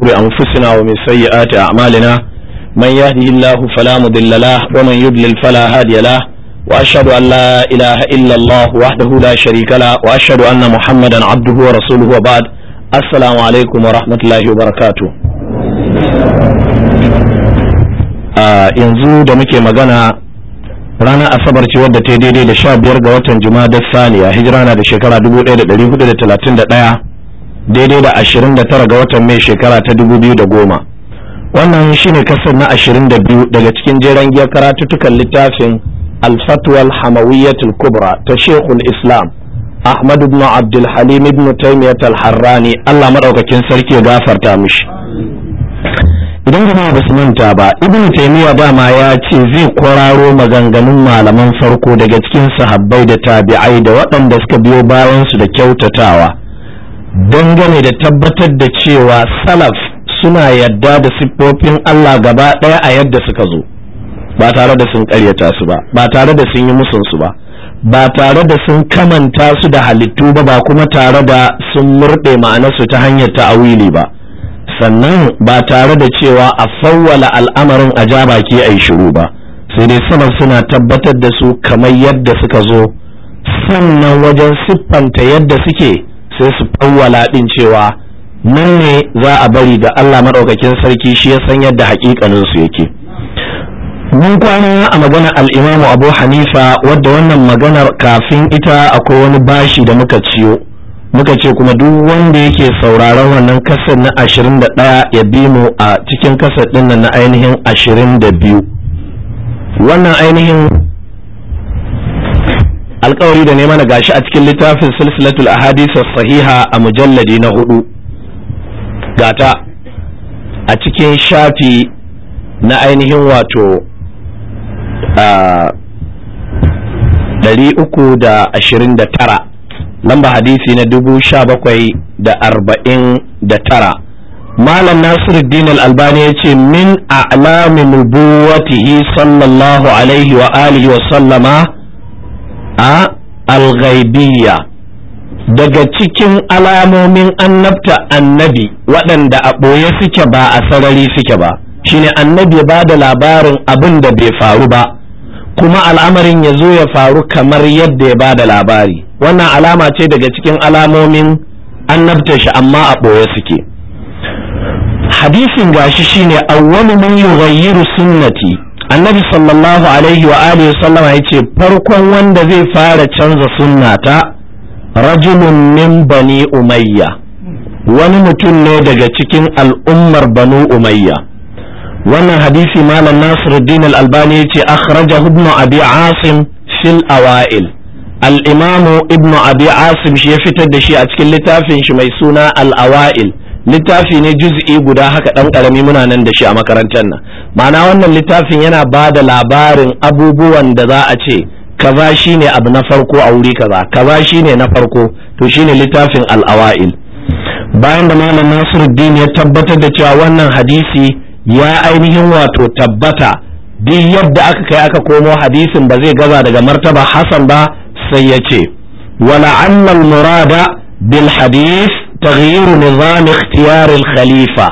شرور أنفسنا ومن سيئات أعمالنا من يهده الله فلا مضل له ومن يضلل فلا هادي له وأشهد أن لا إله إلا الله وحده لا شريك له وأشهد أن محمدا عبده ورسوله وبعد السلام عليكم ورحمة الله وبركاته yanzu da muke magana ranar asabar ce wadda ta daidai da sha biyar ga watan jima'a da saniya hijira na da shekara 1431 daidai da ashirin da tara ga watan mai shekara ta goma. wannan shine kasar na 22 daga cikin jeren giyar karatuttukan littafin Alfatwal Hamawiyyatul kubra ta shekul islam ahmad ibn abdul halim ibn taymiyyah al-harrani Allah maɗaukakin sarki ya gafarta mishi idan gama ba su manta ba ibn taymiyyah dama ya ce zai kwararo maganganun malaman farko daga cikin sahabbai da tabi'ai da waɗanda suka biyo bayan da kyautatawa dangane da tabbatar da cewa salaf suna yadda da siffofin Allah gaba ɗaya a yadda suka zo ba tare da sun karyata su ba ba tare da sun yi musunsu ba ba tare da sun kamanta su da halittu ba ba kuma tare da sun murɗe ma'anarsu ta hanyar ta'awili ba sannan ba tare da cewa a fawwala al'amarin a ja baki a yi shiru ba sai dai sama suna tabbatar da su kamar yadda suka zo sannan wajen siffanta yadda suke sai su fawwala din cewa nan ne za a bari da Allah madaukakin sarki shi ya san yadda haƙiƙanin su yake mun kwana a magana Alimamu Abu Hanifa wadda wannan maganar kafin ita akwai wani bashi da muka ciyo muka ce kuma duk wanda yake sauraron wannan kasar na ashirin da ɗaya ya bi mu a cikin kasar ɗin nan na ainihin biyu wannan ainihin alkawari da nema mana gashi a cikin littafin silsilatul ahadith sahiha a mujalladi na hudu gata a cikin shafi na ainihin wato ɗari uku da ashirin da lamba hadisi na dubu sha bakwai da arba'in da tara malam nasiruddin al-albani ya ce min a'lamin buwatihi sallallahu alaihi wa alihi wa sallama a alghaibiyya daga cikin alamomin annabta annabi waɗanda a ɓoye suke ba a sarari suke ba shine annabi ba da labarin abin da bai faru ba kuma al'amarin ya zo ya faru kamar yadda ya ba da labari wannan alama ce daga cikin alamomin annabta shi amma a ɓoye suke hadisin gashi shine awwalu man yughayyiru sunnati annabi sallallahu alaihi wa alihi sallama ya ce farkon wanda zai fara canza ta rajulun min bani umayya wani mutum ne daga cikin al'ummar banu umayya wannan hadisi malam nasiruddin al-albani ya ce akhrajahu ibn abi asim fil awail al-imamu ibn abi asim shi ya fitar da shi a cikin littafin shi mai suna al-awail littafi ne juz'i guda haka dan karami muna nan da shi a makarantar nan ma'ana wannan littafin yana ba da labarin abubuwan da za a ce kaza shine abu na farko a wuri kaza kaza shine na farko to shine littafin al-awail bayan da malam Nasiruddin ya tabbatar da cewa wannan hadisi ya ainihin wato tabbata duk yadda aka kai aka komo hadisin ba zai gaza daga martaba hasan ba sai ya ce wala annal murada bil hadis taghyiru nizam ikhtiyar al-khalifa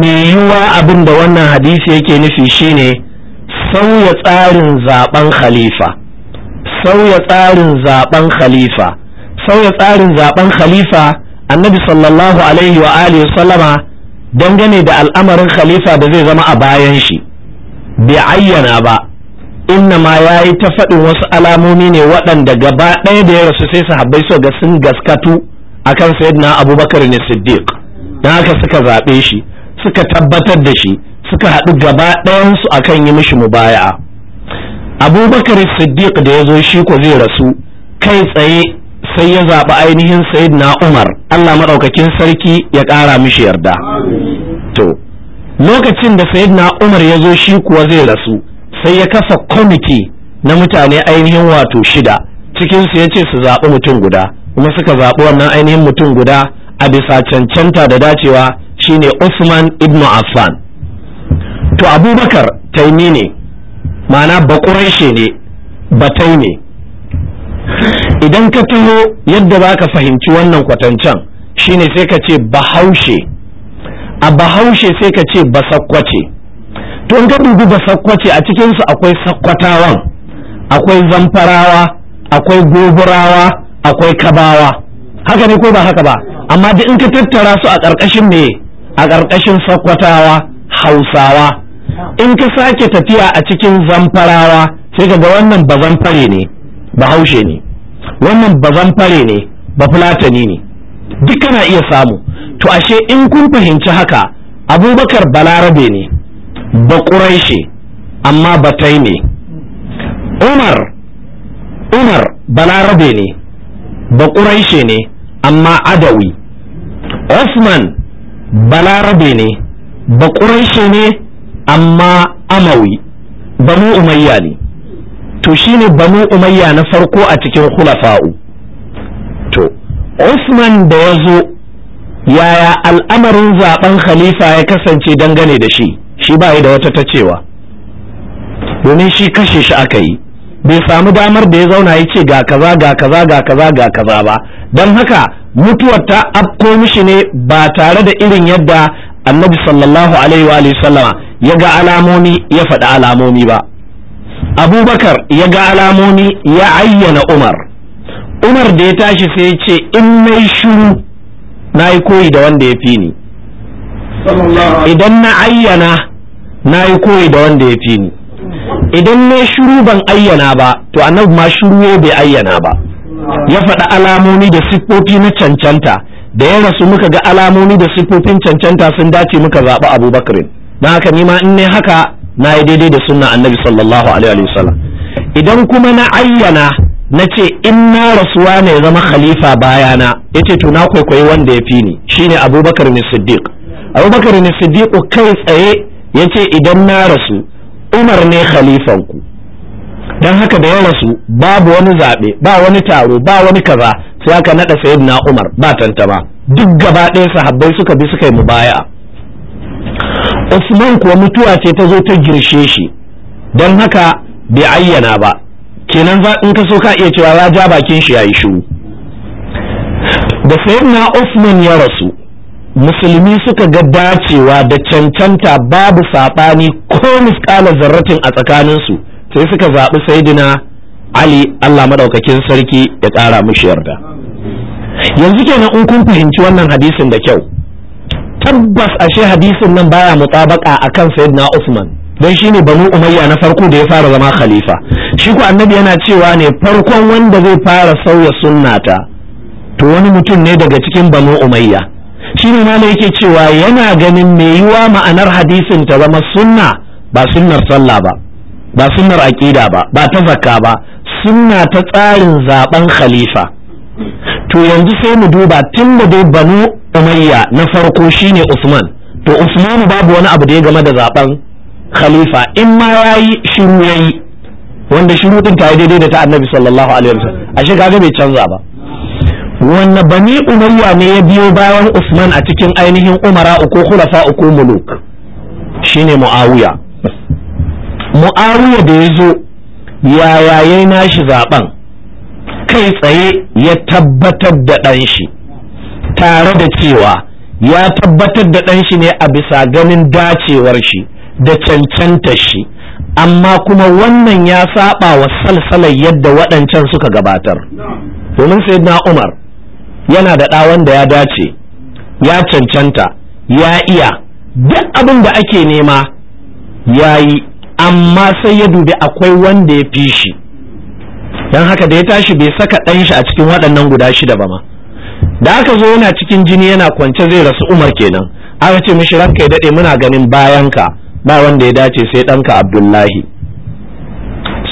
me yiwa abinda wannan hadisi yake nufi shine sauya tsarin zaben khalifa sauya tsarin zaben khalifa sauya tsarin zaben khalifa annabi sallallahu wa alihi dangane da al'amarin khalifa da zai zama a bayan shi bai ayyana ba inna ma ya yi ta faɗin wasu alamomi ne waɗanda gaba ɗaya da ya rasu sai sahabbai so ga sun gaskatu akan sayyidina abubakar ne siddiq dan haka suka zaɓe shi suka tabbatar da shi suka haɗu gaba ɗayansu akan yi mishi mubaya'a abubakar siddiq da ya zo shi ko zai rasu kai tsaye sai ya zaɓi ainihin sayyidina umar allah maɗaukakin sarki ya ƙara mishi yarda to lokacin da sayyidina umar ya zo shi kuwa zai rasu sai ya kasa kwamiti na mutane ainihin wato shida cikinsu ya ce su zaɓi mutum guda kuma suka zaɓi wannan ainihin mutum guda a bisa cancanta da dacewa shine Usman ibn Affan to Abubakar taimi ne ma'ana bakuraishe ne batai ne idan ka taho yadda za ka fahimci wannan kwatancan shine sai ka ce bahaushe a bahaushe sai ka ce basakwace to in ka dubi basakwace a cikinsu akwai sakwatawan akwai zamfarawa akwai goburawa akwai kabawa haka ne ko ba haka ba amma duk in ka tattara su a ƙarƙashin me a ƙarƙashin sakkwatawa hausawa in ka sake tafiya a cikin zamfarawa sai ka ga wannan ba zamfare ne ba haushe ne wannan ba zamfare ne ba fulatani ne duk kana iya samu to ashe in kun fahimci haka abubakar balarabe ne ba ƙuraishe amma ba ne umar umar balarabe ne ba ƙuraishe ne amma adawi Osman balarabe ne ba ƙuraishe ne amma amawi banu umayya ne to shine banu umayya na farko a cikin hulafa'u to Osman da ya zo yaya al'amarin zaben khalifa ya kasance dangane da shi shi ba da wata ta cewa domin shi kashe shi aka yi bai samu damar da ya zauna ya ce ga kaza ga kaza ga kaza ga kaza ba don haka mutuwar ta afko mishi ne ba tare da irin yadda annabi sallallahu alaihi wa sallama ya ga alamomi ya faɗi alamomi ba abubakar ya ga alamomi ya ayyana umar umar da ya tashi sai ya ce in mai shiru na yi koyi da wanda ya fi ni idan na ayyana na yi koyi da wanda ya fi ni idan ne shuru ban ayyana ba to annabi ma shuru shiru bai ayyana ba ya faɗa alamomi da siffofi na cancanta da ya rasu muka ga alamomi da siffofin cancanta sun dace muka zaɓi abubakar don haka nima in ne haka na yi daidai da sunna annabi sallallahu alaihi wasallam idan kuma na ayyana na ce in na rasuwa ne zama khalifa bayana ya ce to na kwaikwayi wanda ya fi ni shine abubakar ne siddiq abubakar ne siddiq kai tsaye ya ce idan na rasu umar ne khalifanku ku dan haka da ya rasu babu wani zaɓe ba wani taro ba wani kaza sai aka naɗa na umar ba tantama duk gaba ɗaya sahabbai suka bi suka yi mubaya usman kuwa mutuwa ce ta zo ta girshe shi don haka bai ayyana ba kenan za in ka so ka iya cewa ya ja bakin shi ya yi shiru da sayyidina usman ya rasu musulmi suka ga dacewa da cancanta babu saɓani ko miskala zarratin a tsakaninsu sai suka zaɓi saidina ali allah maɗaukakin sarki ya ƙara mushi yarda yanzu kenan in kun fahimci wannan hadisin da kyau tabbas ashe hadisin nan baya mutabaka akan saidina usman don shi ne banu umayya na farko da ya fara zama khalifa shi ku annabi yana cewa ne farkon wanda zai fara sauya sunnata to wani mutum ne daga cikin banu umayya shi ne ma yake cewa yana ganin mai yiwa ma'anar hadisin ta zama sunna ba sunnar sallah ba ba sunnar aqida ba ba ta zakka ba sunna ta tsarin zaben khalifa to yanzu sai mu duba tun da dai banu umayya na farko shine usman to usman babu wani abu da ya game da zaben khalifa in ma yayi shiru yayi wanda shiru din ta daidai da ta annabi sallallahu alaihi wasallam ashe kaga bai canza ba wanne bani umayya ne ya biyo bayan usman a cikin ainihin umara uku khulafa uku muluk shine muawiya muawiya da ya zo yaya nashi zaben kai tsaye ya tabbatar da ɗan shi tare da cewa ya tabbatar da ɗan shi ne a bisa ganin dacewar shi da cancanta shi amma kuma wannan ya saba wa salsalar yadda waɗancan suka gabatar domin sai umar yana da ɗawan da ya dace ya cancanta ya iya duk abin da ake nema ya yi amma sai ya dubi akwai wanda ya fi shi don haka da ya tashi bai saka ɗan shi a cikin waɗannan guda shida ba ma da aka zo yana cikin jini yana kwance zai rasu umar kenan aka ce mishi ranka ya daɗe muna ganin bayanka ba wanda ya dace sai ɗanka abdullahi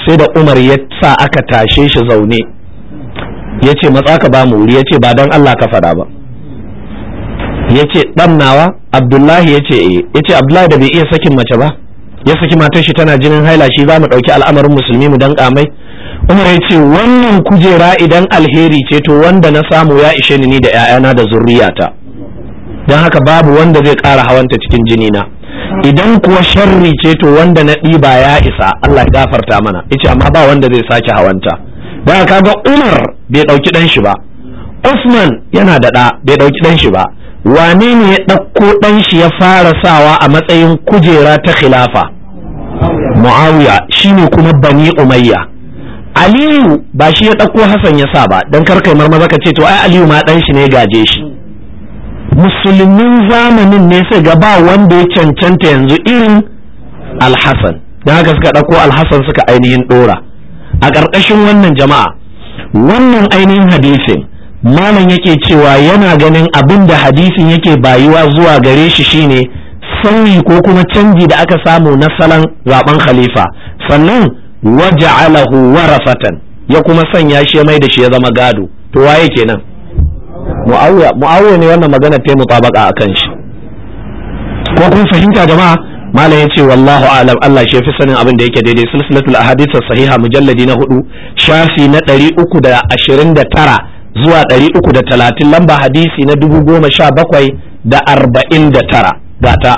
sai da umar ya sa aka tashe shi zaune ya ce matsa ka ba mu wuri ya ce ba don Allah ka fada ba ya ce ɗan nawa abdullahi ya ce eh ya ce abdullahi da bai iya sakin mace ba ya saki matar shi tana jinin haila shi za mu ɗauki al'amarin musulmi mu dan kamai umar ya ce wannan kujera idan alheri ce to wanda na samu ya ishe ni da 'ya'yana da zurriyata don haka babu wanda zai ƙara hawanta cikin jini na idan kuwa sharri ce to wanda na ɗiba ya isa Allah ya gafarta mana ce amma ba wanda zai sake hawanta Ba ka ga Umar bai ɗauki dan shi ba Usman yana da ɗa bai ɗauki dan shi ba wane ne ya ɗauko dan shi ya fara sawa a matsayin kujera ta khilafa Muawiya shine kuma Bani Umayya Aliyu ba shi ya ɗauko Hassan ya sa ba don karkai marmaza ka ce to ai Aliyu ma dan shi ne gaje shi musulmin zamanin ne sai ga ba wanda ya cancanta yanzu irin alhassan don haka suka ɗauko alhassan suka ainihin ɗora a ƙarƙashin wannan jama'a wannan ainihin hadisin malam yake cewa yana ganin abin da hadisin yake bayuwa zuwa gare shi shine sauyi ko kuma canji da aka samu na salon zaben khalifa sannan waja'alahu warafatan ya kuma sanya shi mai da shi ya zama gado to waye kenan mu'awiya mu'awiya ne wannan magana ta mutabaka akan shi ko kun fahimta jama'a malam yace wallahu alam Allah shi fi sanin abin da yake daidai silsilatul ahadith sahiha mujalladi na hudu shafi na 329 zuwa 330 lamba hadisi na 1017 da 49 gata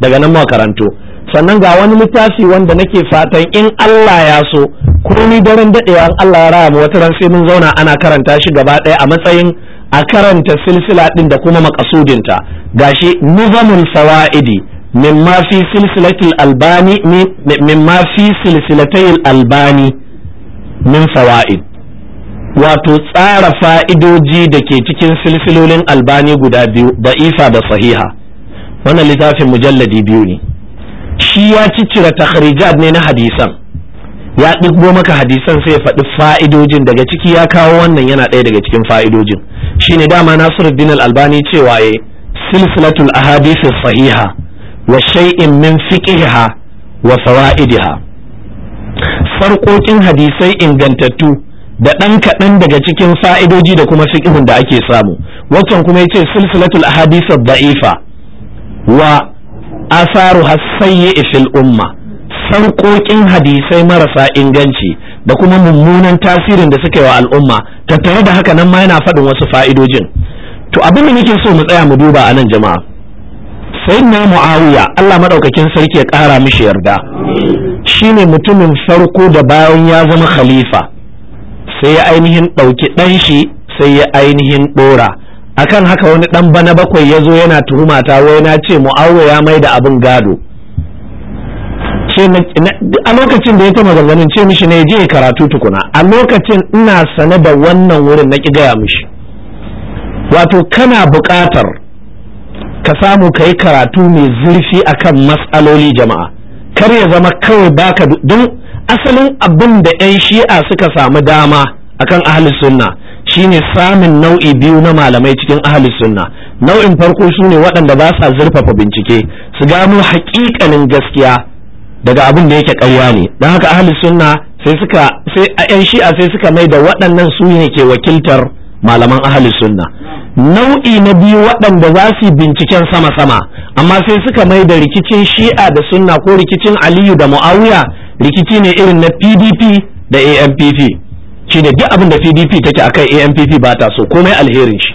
daga nan makarantu sannan ga wani littafi wanda nake fatan in Allah ya so komai daren dadewa Allah ya raya mu wata ran sai mun zauna ana karanta shi gaba daya a matsayin a karanta silsila din da kuma makasudinta gashi nizamul sawa'idi mimma fi albani mimma silsilatayil albani min wato tsara fa'idoji da ke cikin silsilolin albani guda biyu da ifa da sahiha wannan littafin mujalladi biyu ne shi ya ciccira takhrijat ne na hadisan ya ɗigbo maka hadisan sai ya faɗi fa'idojin daga ciki ya kawo wannan yana ɗaya daga cikin fa'idojin shine dama nasiruddin al-albani cewa ya silsilatul ahadith sahiha wa shay'in min fiqhiha wa farkokin hadisai ingantattu da ɗan kaɗan daga cikin fa'idoji da kuma fiqhun da ake samu wancan kuma yace silsilatul ahadith ad-da'ifa wa asaru hasayyi fil umma sarƙoƙin hadisai marasa inganci da kuma mummunan tasirin da suka yi wa al'umma tattare da haka nan ma yana faɗin wasu fa'idojin to abin da nake so mu tsaya mu duba a nan jama'a na muawiya Allah madaukakin sarki ya kara mishi yarda shine mutumin farko da bayan ya zama khalifa sai ya ainihin ɗauki ɗan shi sai ya ainihin ɗora akan haka wani ɗan bana bakwai ya zo yana tuhuma wai na ce mu'awiya ya mai da abin gado a lokacin da ya ta maganganun ce mishi ne je karatu tukuna a lokacin ina sane da wannan wurin na ki gaya mishi wato kana buƙatar ka samu ka yi karatu mai zurfi akan matsaloli jama'a kar ya zama kawai baka don asalin abin da 'yan shi'a suka samu dama akan ahli sunna shine samun nau'i biyu na malamai cikin ahli sunna nau'in farko su ne waɗanda ba sa zurfafa bincike su gano haƙiƙanin gaskiya daga abin da yake ƙarya ne don haka ahli sunna sai suka sai 'yan shi'a sai suka mai da waɗannan su ne ke wakiltar malaman ahli sunna nau'i na biyu waɗanda za su binciken sama-sama amma sai suka mai da rikicin shi'a da sunna ko rikicin aliyu da mu'awiya rikici ne irin na pdp da ampp shi ne duk abin da pdp take akai ampp ba ta so komai alherin shi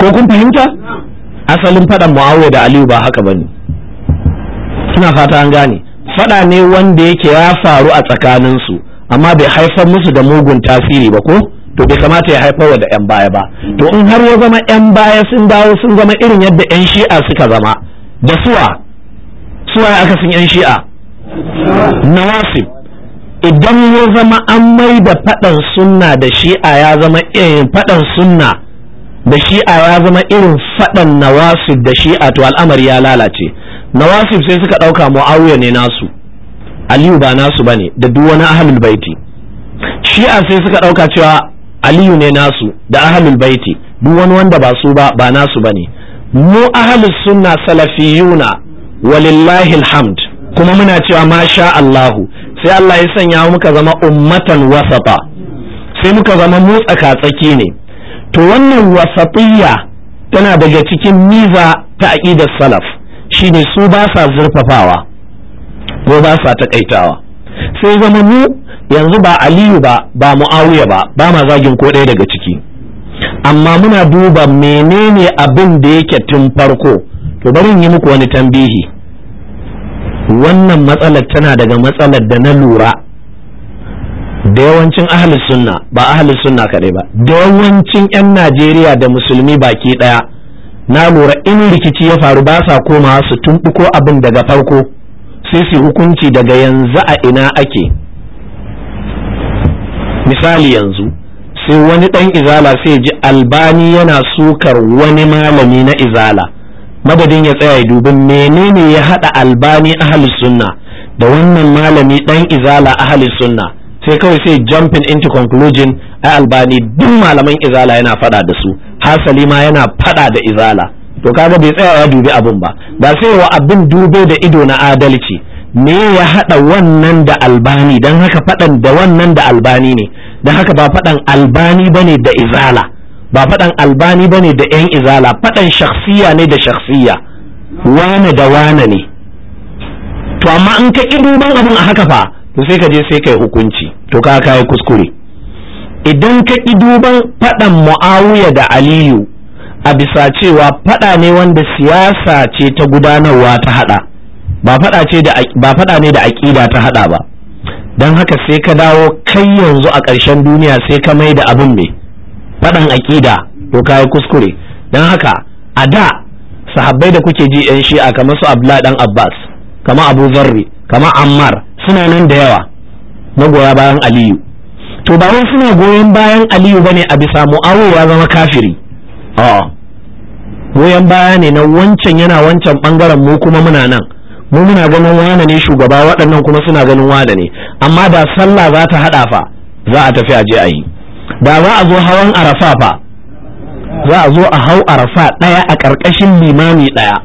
ko kun fahimta asalin faɗan mu'awiya da aliyu ba haka bane ina fata an gane faɗa ne wanda yake ya faru a tsakaninsu amma bai haifar musu da mugun tasiri ba ko to bai kamata ya haifar da yan baya ba to in har ya zama yan baya sun dawo sun zama irin yadda yan shi'a suka zama da suwa suwa aka sun yan shi'a nawasib idan ya zama an mai da fadan sunna da shi'a ya zama irin faɗan sunna da shi'a ya zama irin faɗan nawasib da shi'a to al'amari ya lalace nawasib sai suka ɗauka mu'awiya ne nasu aliyu ba nasu bane da duk wani ahlul baiti shi'a sai suka ɗauka cewa aliyu ne nasu da Ahalul baiti duk wani wanda ba su ba ba nasu bane mu Ahalus sunna salafiyuna walillahi alhamd kuma muna cewa masha Allahu sai Allah ya sanya muka zama ummatan wasata sai muka zama mu tsaki ne to wannan wasatiyya tana daga cikin miza ta aqidar salaf shine su ba sa zurfafawa ko ba sa takaitawa sai zama mu yanzu ba aliyu ba ba mu'awiya ba ba ma zagin ko ɗaya daga ciki amma muna duba menene abin da yake tun farko to bari yi muku wani tambihi wannan matsalar tana daga matsalar da na lura da yawancin ahalus sunna ba ahalus sunna kaɗai ba da yawancin 'yan najeriya da musulmi baki ɗaya na lura in rikici ya faru ba sa komawa su tumɓuko abin daga farko sai su hukunci daga yanzu a ina ake misali yanzu sai wani ɗan izala sai ji albani yana sukar wani malami na izala madadin ya tsaya dubin menene ya haɗa albani ahalis sunna da wannan malami ɗan izala ahalis sunna sai kawai sai jumping into conclusion ai albani duk malaman izala yana faɗa da su hasali ma yana faɗa da izala to kaga bai tsaya ya dubi abin ba ba sai wa abin dube da ido na adalci me ya hada wannan da albani don haka fadan da wannan da albani ne don haka ba fadan albani bane da izala ba fadan albani bane da yan izala fadan shakhsiya ne da shakhsiya wane da wane ne to amma in ka ƙi duban abin a haka fa to sai ka je sai kai hukunci to ka kai kuskure idan ka ƙi duban fadan muawiya da aliyu a bisa cewa fada ne wanda siyasa ce ta gudanarwa ta hada ba fada ne da aƙida ta hada ba dan haka sai ka dawo kai yanzu a ƙarshen duniya sai ka mai da abin me fadan aƙida, to kai kuskure dan haka a da sahabbai da kuke ji yan shi'a kamar su Abdullahi dan Abbas kamar Abu Zarri kamar Ammar suna nan da yawa na goya bayan Aliyu to ba wai suna goyon bayan Aliyu bane a bisa mu'awiya zama kafiri a'a goyon baya ne na wancan yana wancan bangaren mu kuma muna nan mu muna ganin wane ne shugaba waɗannan kuma suna ganin wane ne amma da sallah za ta haɗa fa za a tafi a je a yi da za a zo hawan arafa fa za a zo a hau arafa ɗaya a ƙarƙashin limami ɗaya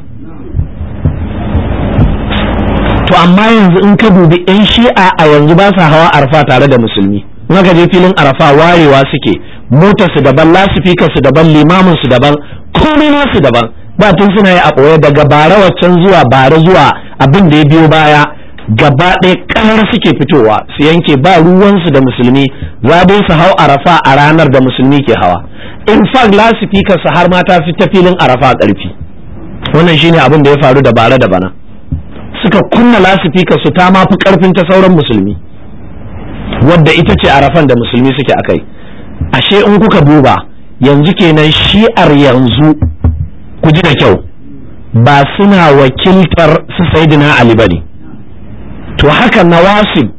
to amma yanzu in ka dubi 'yan shi'a a yanzu ba sa hawa arafa tare da musulmi in aka je filin arafa warewa suke motar su daban lasifikar su daban limamin su daban komai nasu daban ba tun suna yi a koyar daga bara waccan zuwa bara zuwa abin da ya biyo baya gaba ɗaya ƙarar suke fitowa su yanke ba ruwansu da musulmi za dai su hau arafa a ranar da musulmi ke hawa in fact lasifikar su har mata ta fi ta filin arafa ƙarfi wannan shine abin da ya faru da bara da bana suka kunna lasifikar su ta mafi fi ƙarfin ta sauran musulmi wadda ita ce arafan da musulmi suke a kai. ashe in kuka duba yanzu kenan shi'ar yanzu ku ji da kyau ba suna wakiltar su saidina ali bane to haka nawasib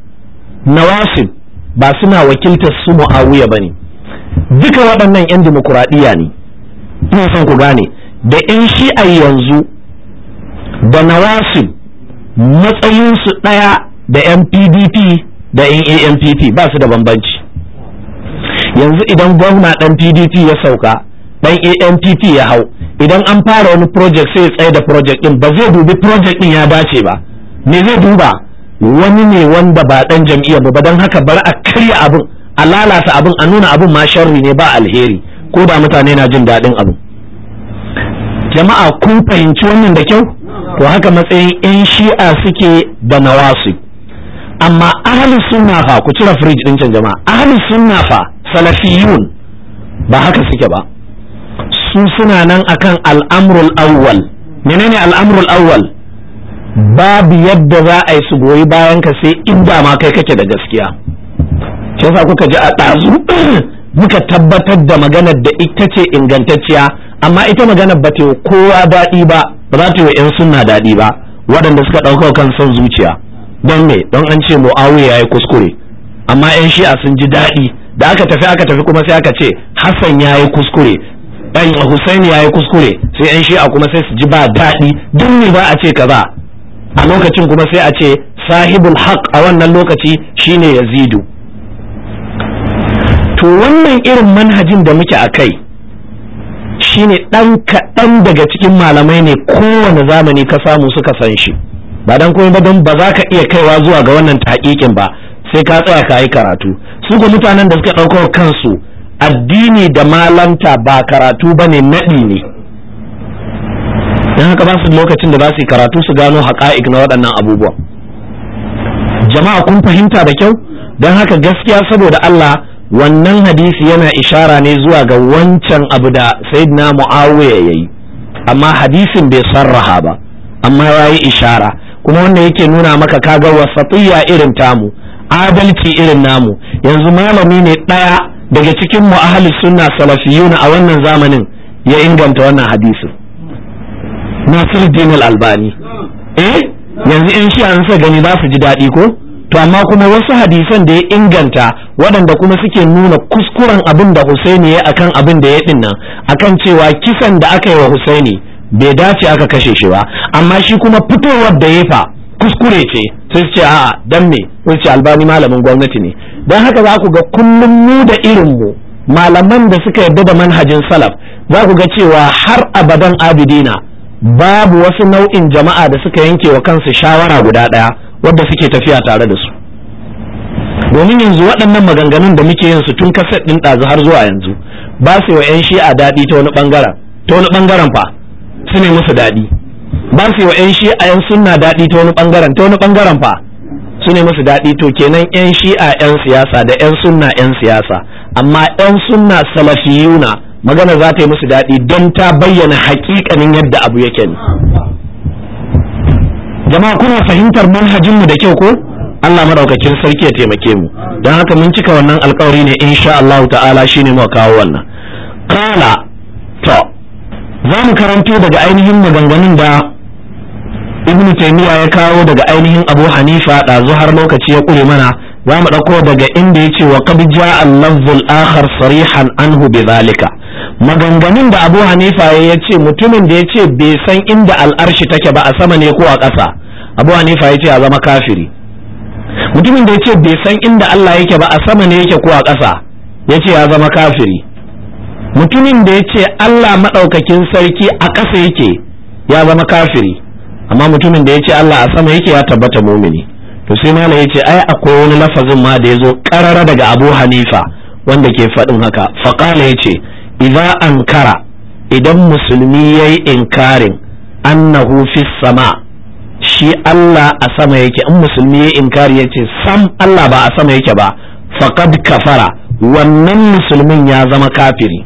nawasib ba suna wakiltar su muawiya bane duka waɗannan 'yan dimokuraɗiyya ne ina son ku gane da in shi'ar yanzu da nawasib matsayinsu ɗaya da MPDP da 'yan ba su da bambanci yanzu idan gwamna ɗan pdp ya sauka ɗan ampp ya hau idan an fara wani project sai ya tsaye da project din ba zai dubi project din ya dace ba me zai duba wani ne wanda ba dan jam'iyyar ba dan haka bari a karya abin a lalata abin a nuna abin ma sharri ne ba alheri ko da mutane na jin daɗin abin jama'a kun fahimci wannan da kyau to haka matsayin yan shi'a suke da nawasu amma ahli sunna fa ku cire fridge din can jama'a ahli sunna fa salafiyun ba haka suke ba su suna nan akan al'amrul awwal menene al'amrul awwal babu yadda za a yi su goyi bayan ka sai in ba ma kai kake da gaskiya shi sa kuka ji a ɗazu muka tabbatar da maganar da ita ce ingantacciya amma ita maganar ba ta kowa daɗi ba ba za ta yi 'yan suna daɗi ba waɗanda suka ɗauka kan son zuciya don me don an ce mu'awiya ya yi kuskure amma 'yan shi'a sun ji daɗi da aka tafi aka tafi kuma sai aka ce hassan ya yi kuskure ɗan husaini ya yi kuskure sai yan shi'a kuma sai su ji ba daɗi duk ne ba a ce ka ba? a lokacin kuma sai a ce sahibul haq a wannan lokaci shine yazidu to wannan irin manhajin da muke a kai shine ɗan kaɗan daga cikin malamai ne kowane zamani ka samu suka san shi ba dan komai ba don ba za ka iya kaiwa zuwa ga wannan taƙiƙin ba sai ka tsaya ka yi karatu su ga mutanen da suka ɗaukar kansu addini da malanta ba karatu ba ne naɗi ne don haka ba su lokacin da ba su yi karatu su gano haƙa'iƙ na waɗannan abubuwa jama'a kun fahimta da kyau don haka gaskiya saboda Allah wannan hadisi yana ishara ne zuwa ga wancan abu da sayyidina muawiya yi amma hadisin bai sarraha ba amma yi ishara kuma wanda yake nuna maka kaga wasatiyya irin tamu adalci irin namu yanzu malami ne ɗaya daga cikin mu ahli sunna salafiyuna a wannan zamanin ya inganta wannan hadisin Nasiruddin al-Albani eh yanzu in shi an sa gani za su ji daɗi ko to amma kuma wasu hadisan da ya inganta waɗanda kuma suke nuna kuskuren abin da Husaini ya akan abin da ya dinnan akan cewa kisan da aka yi wa Husaini bai dace aka kashe shi ba amma shi kuma fitowar da ya fa kuskure ce sai ce a dan me sai ce albani malamin gwamnati ne don haka za ku ga kullum mu da irin mu malaman da suka yarda da manhajin salaf za ku ga cewa har abadan abidina babu wasu nau'in jama'a da suka yanke wa kansu shawara guda ɗaya wadda suke tafiya tare da su domin yanzu waɗannan maganganun da muke yin su tun kaset ɗin ɗazu har zuwa yanzu ba su yi wa 'yan shi'a daɗi ta wani ta wani ɓangaren fa su ne musu daɗi ba su yi wa 'yan shi'a 'yan sunna daɗi ta wani ɓangaren ta wani ɓangaren fa su ne musu daɗi to kenan 'yan shi'a 'yan siyasa da 'yan sunna 'yan siyasa amma 'yan sunna salafiyuna magana za ta yi musu daɗi don ta bayyana hakikanin yadda abu yake ne jama'a kuna fahimtar manhajin mu da kyau ko Allah madaukakin sarki ya taimake mu don haka mun cika wannan alkawari ne insha Allah ta'ala shine mu kawo wannan kala to za mu karanto daga ainihin maganganun da ibnu taymiya ya kawo daga ainihin abu hanifa ɗazu har lokaci ya ƙure mana za mu ɗauko daga inda ya ce wa qad ja'a al akhar sarihan anhu zalika maganganun da abu hanifa ya ce mutumin da ya ce bai san inda al'arshi take ba a sama ne ko a ƙasa abu hanifa ya ce a zama kafiri mutumin da ya ce bai san inda Allah yake ba a sama ne yake ko a ƙasa ya ce ya zama kafiri mutumin da ya ce Allah maɗaukakin sarki a ƙasa yake ya zama kafiri amma mutumin da ya ce Allah a sama yake ya tabbata mumini to sai malam ya ce ai akwai wani lafazin ma da ya zo karara daga abu hanifa wanda ke faɗin haka faƙala ya ce idza ankara idan musulmi yayi yi inkarin annahu fi sama shi Allah a sama yake in musulmi yayi inkari ya ce sam Allah ba a sama yake ba faqad kafara wannan musulmin ya zama kafiri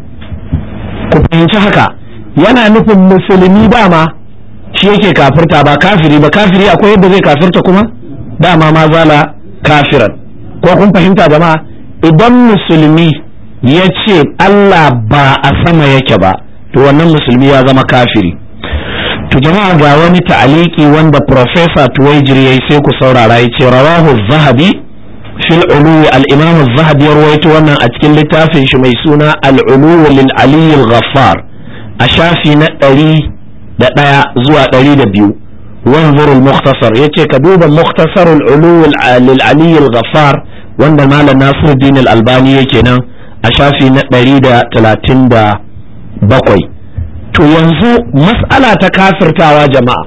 ku fahimci haka yana nufin musulmi ba ma. shi yake kafirta ba kafiri ba kafiri akwai yadda zai kafirta kuma dama ma zala kafiran ko kun fahimta jama'a idan musulmi ya ce Allah ba a sama yake ba to wannan musulmi ya zama kafiri to jama'a ga wani ta'aliki wanda professor Tuwaijiri yayi sai ku saurara ya ce rawahu zahabi fil ulu al-imam zahabi ya rawaito wannan a cikin littafin shi mai suna al-ulu lil ali a shafi na ɗari da ɗaya zuwa ɗari da biyu wanzur al-mukhtasar yace ka duba mukhtasar al-ulu al-ali al-ghaffar wanda malam Nasiruddin al-Albani yake nan a shafi na ɗari da talatin da bakwai to yanzu mas'ala ta kafirtawa jama'a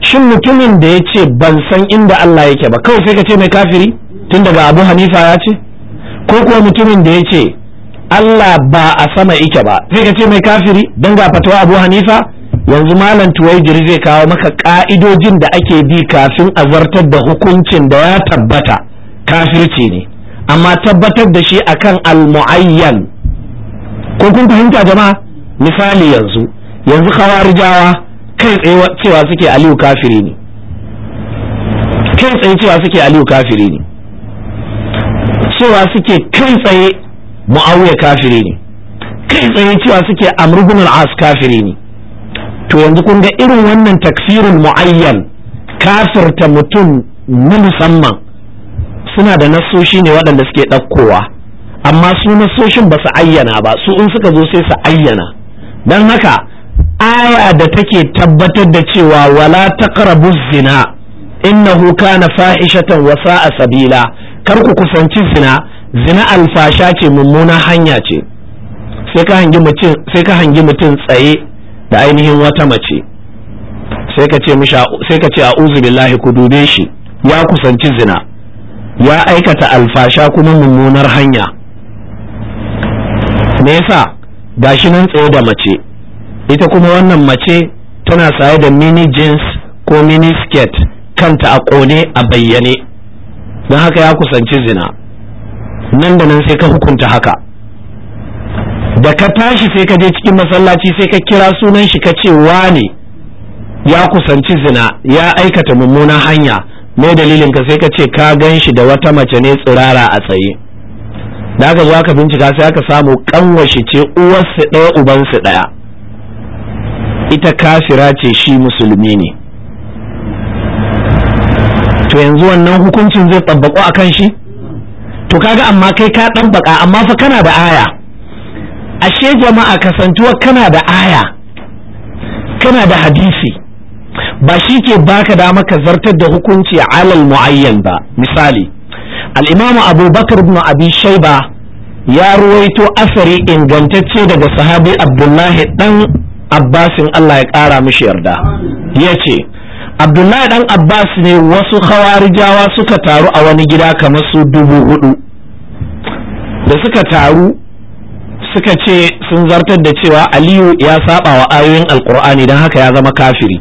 shin mutumin da ya ce ban san inda Allah yake ba kawai sai ka ce mai kafiri tun daga abu hanifa ya ce ko kuwa mutumin da ya ce Allah ba a sama yake ba sai ka ce mai kafiri dan ga fatawa abu hanifa yanzu malam tuwaijiri zai kawo maka ka'idojin da ake bi kafin a zartar da hukuncin da ya tabbata kafirci ne amma tabbatar da shi akan almu'ayyan ko kun fahimta jama'a misali yanzu yanzu kawarijawa kai tsaye cewa suke aliyu kafiri ne kai tsaye cewa suke aliyu kafiri ne cewa suke kai tsaye mu'awiya kafiri ne kai tsaye cewa suke amr Asu as kafiri ne to yanzu kun ga irin wannan taksirin mu'ayyan kafirta mutum na musamman suna da nasoshi ne waɗanda suke ɗaukowa amma su nasoshin ba su ayyana ba su in suka zo sai su ayyana don haka aya da take tabbatar da cewa wala taqrabu zina innahu kana fahishatan wa sa'a sabila kar ku kusanci zina zina alfasha ce mummuna hanya ce sai ka hangi mutum tsaye da ainihin wata mace sai ka ce mishi sai ka ce a'udhu billahi ku dube shi ya kusanci zina ya aikata alfasha kuma mummunar hanya me yasa gashi nan tsaye da mace ita kuma wannan mace tana saye da mini jeans ko mini skirt kanta a kone a bayyane don haka ya kusanci zina nan da nan sai ka hukunta haka da ka tashi sai ka je cikin masallaci sai ka kira sunan shi ka ce wane ya kusanci zina ya aikata mummunan hanya me dalilin ka sai ka ce ka gan shi da wata mace ne tsirara a tsaye da aka zo aka bincika sai aka samu kanwashi ce uwarsa ɗaya ubansu ɗaya ita kafira ce shi musulmi ne to yanzu wannan hukuncin zai ɗabbaƙo a kan shi to kaga amma kai ka ɗabbaƙa amma fa kana da aya ashe jama'a kasantuwa kana da aya kana da hadisi ba shi ke baka dama ka zartar da hukunci alal mu'ayyan ba misali al'imamu abubakar bin abi shaiba ya ruwaito asari ingantacce daga sahabi abdullahi dan abbasin allah ya kara mishi yarda ya ce abdullahi dan abbas ne wasu khawarijawa suka taru a wani gida kamar su dubu hudu da suka taru suka ce sun zartar da cewa aliyu ya saba wa ayoyin alkur'ani don haka ya zama kafiri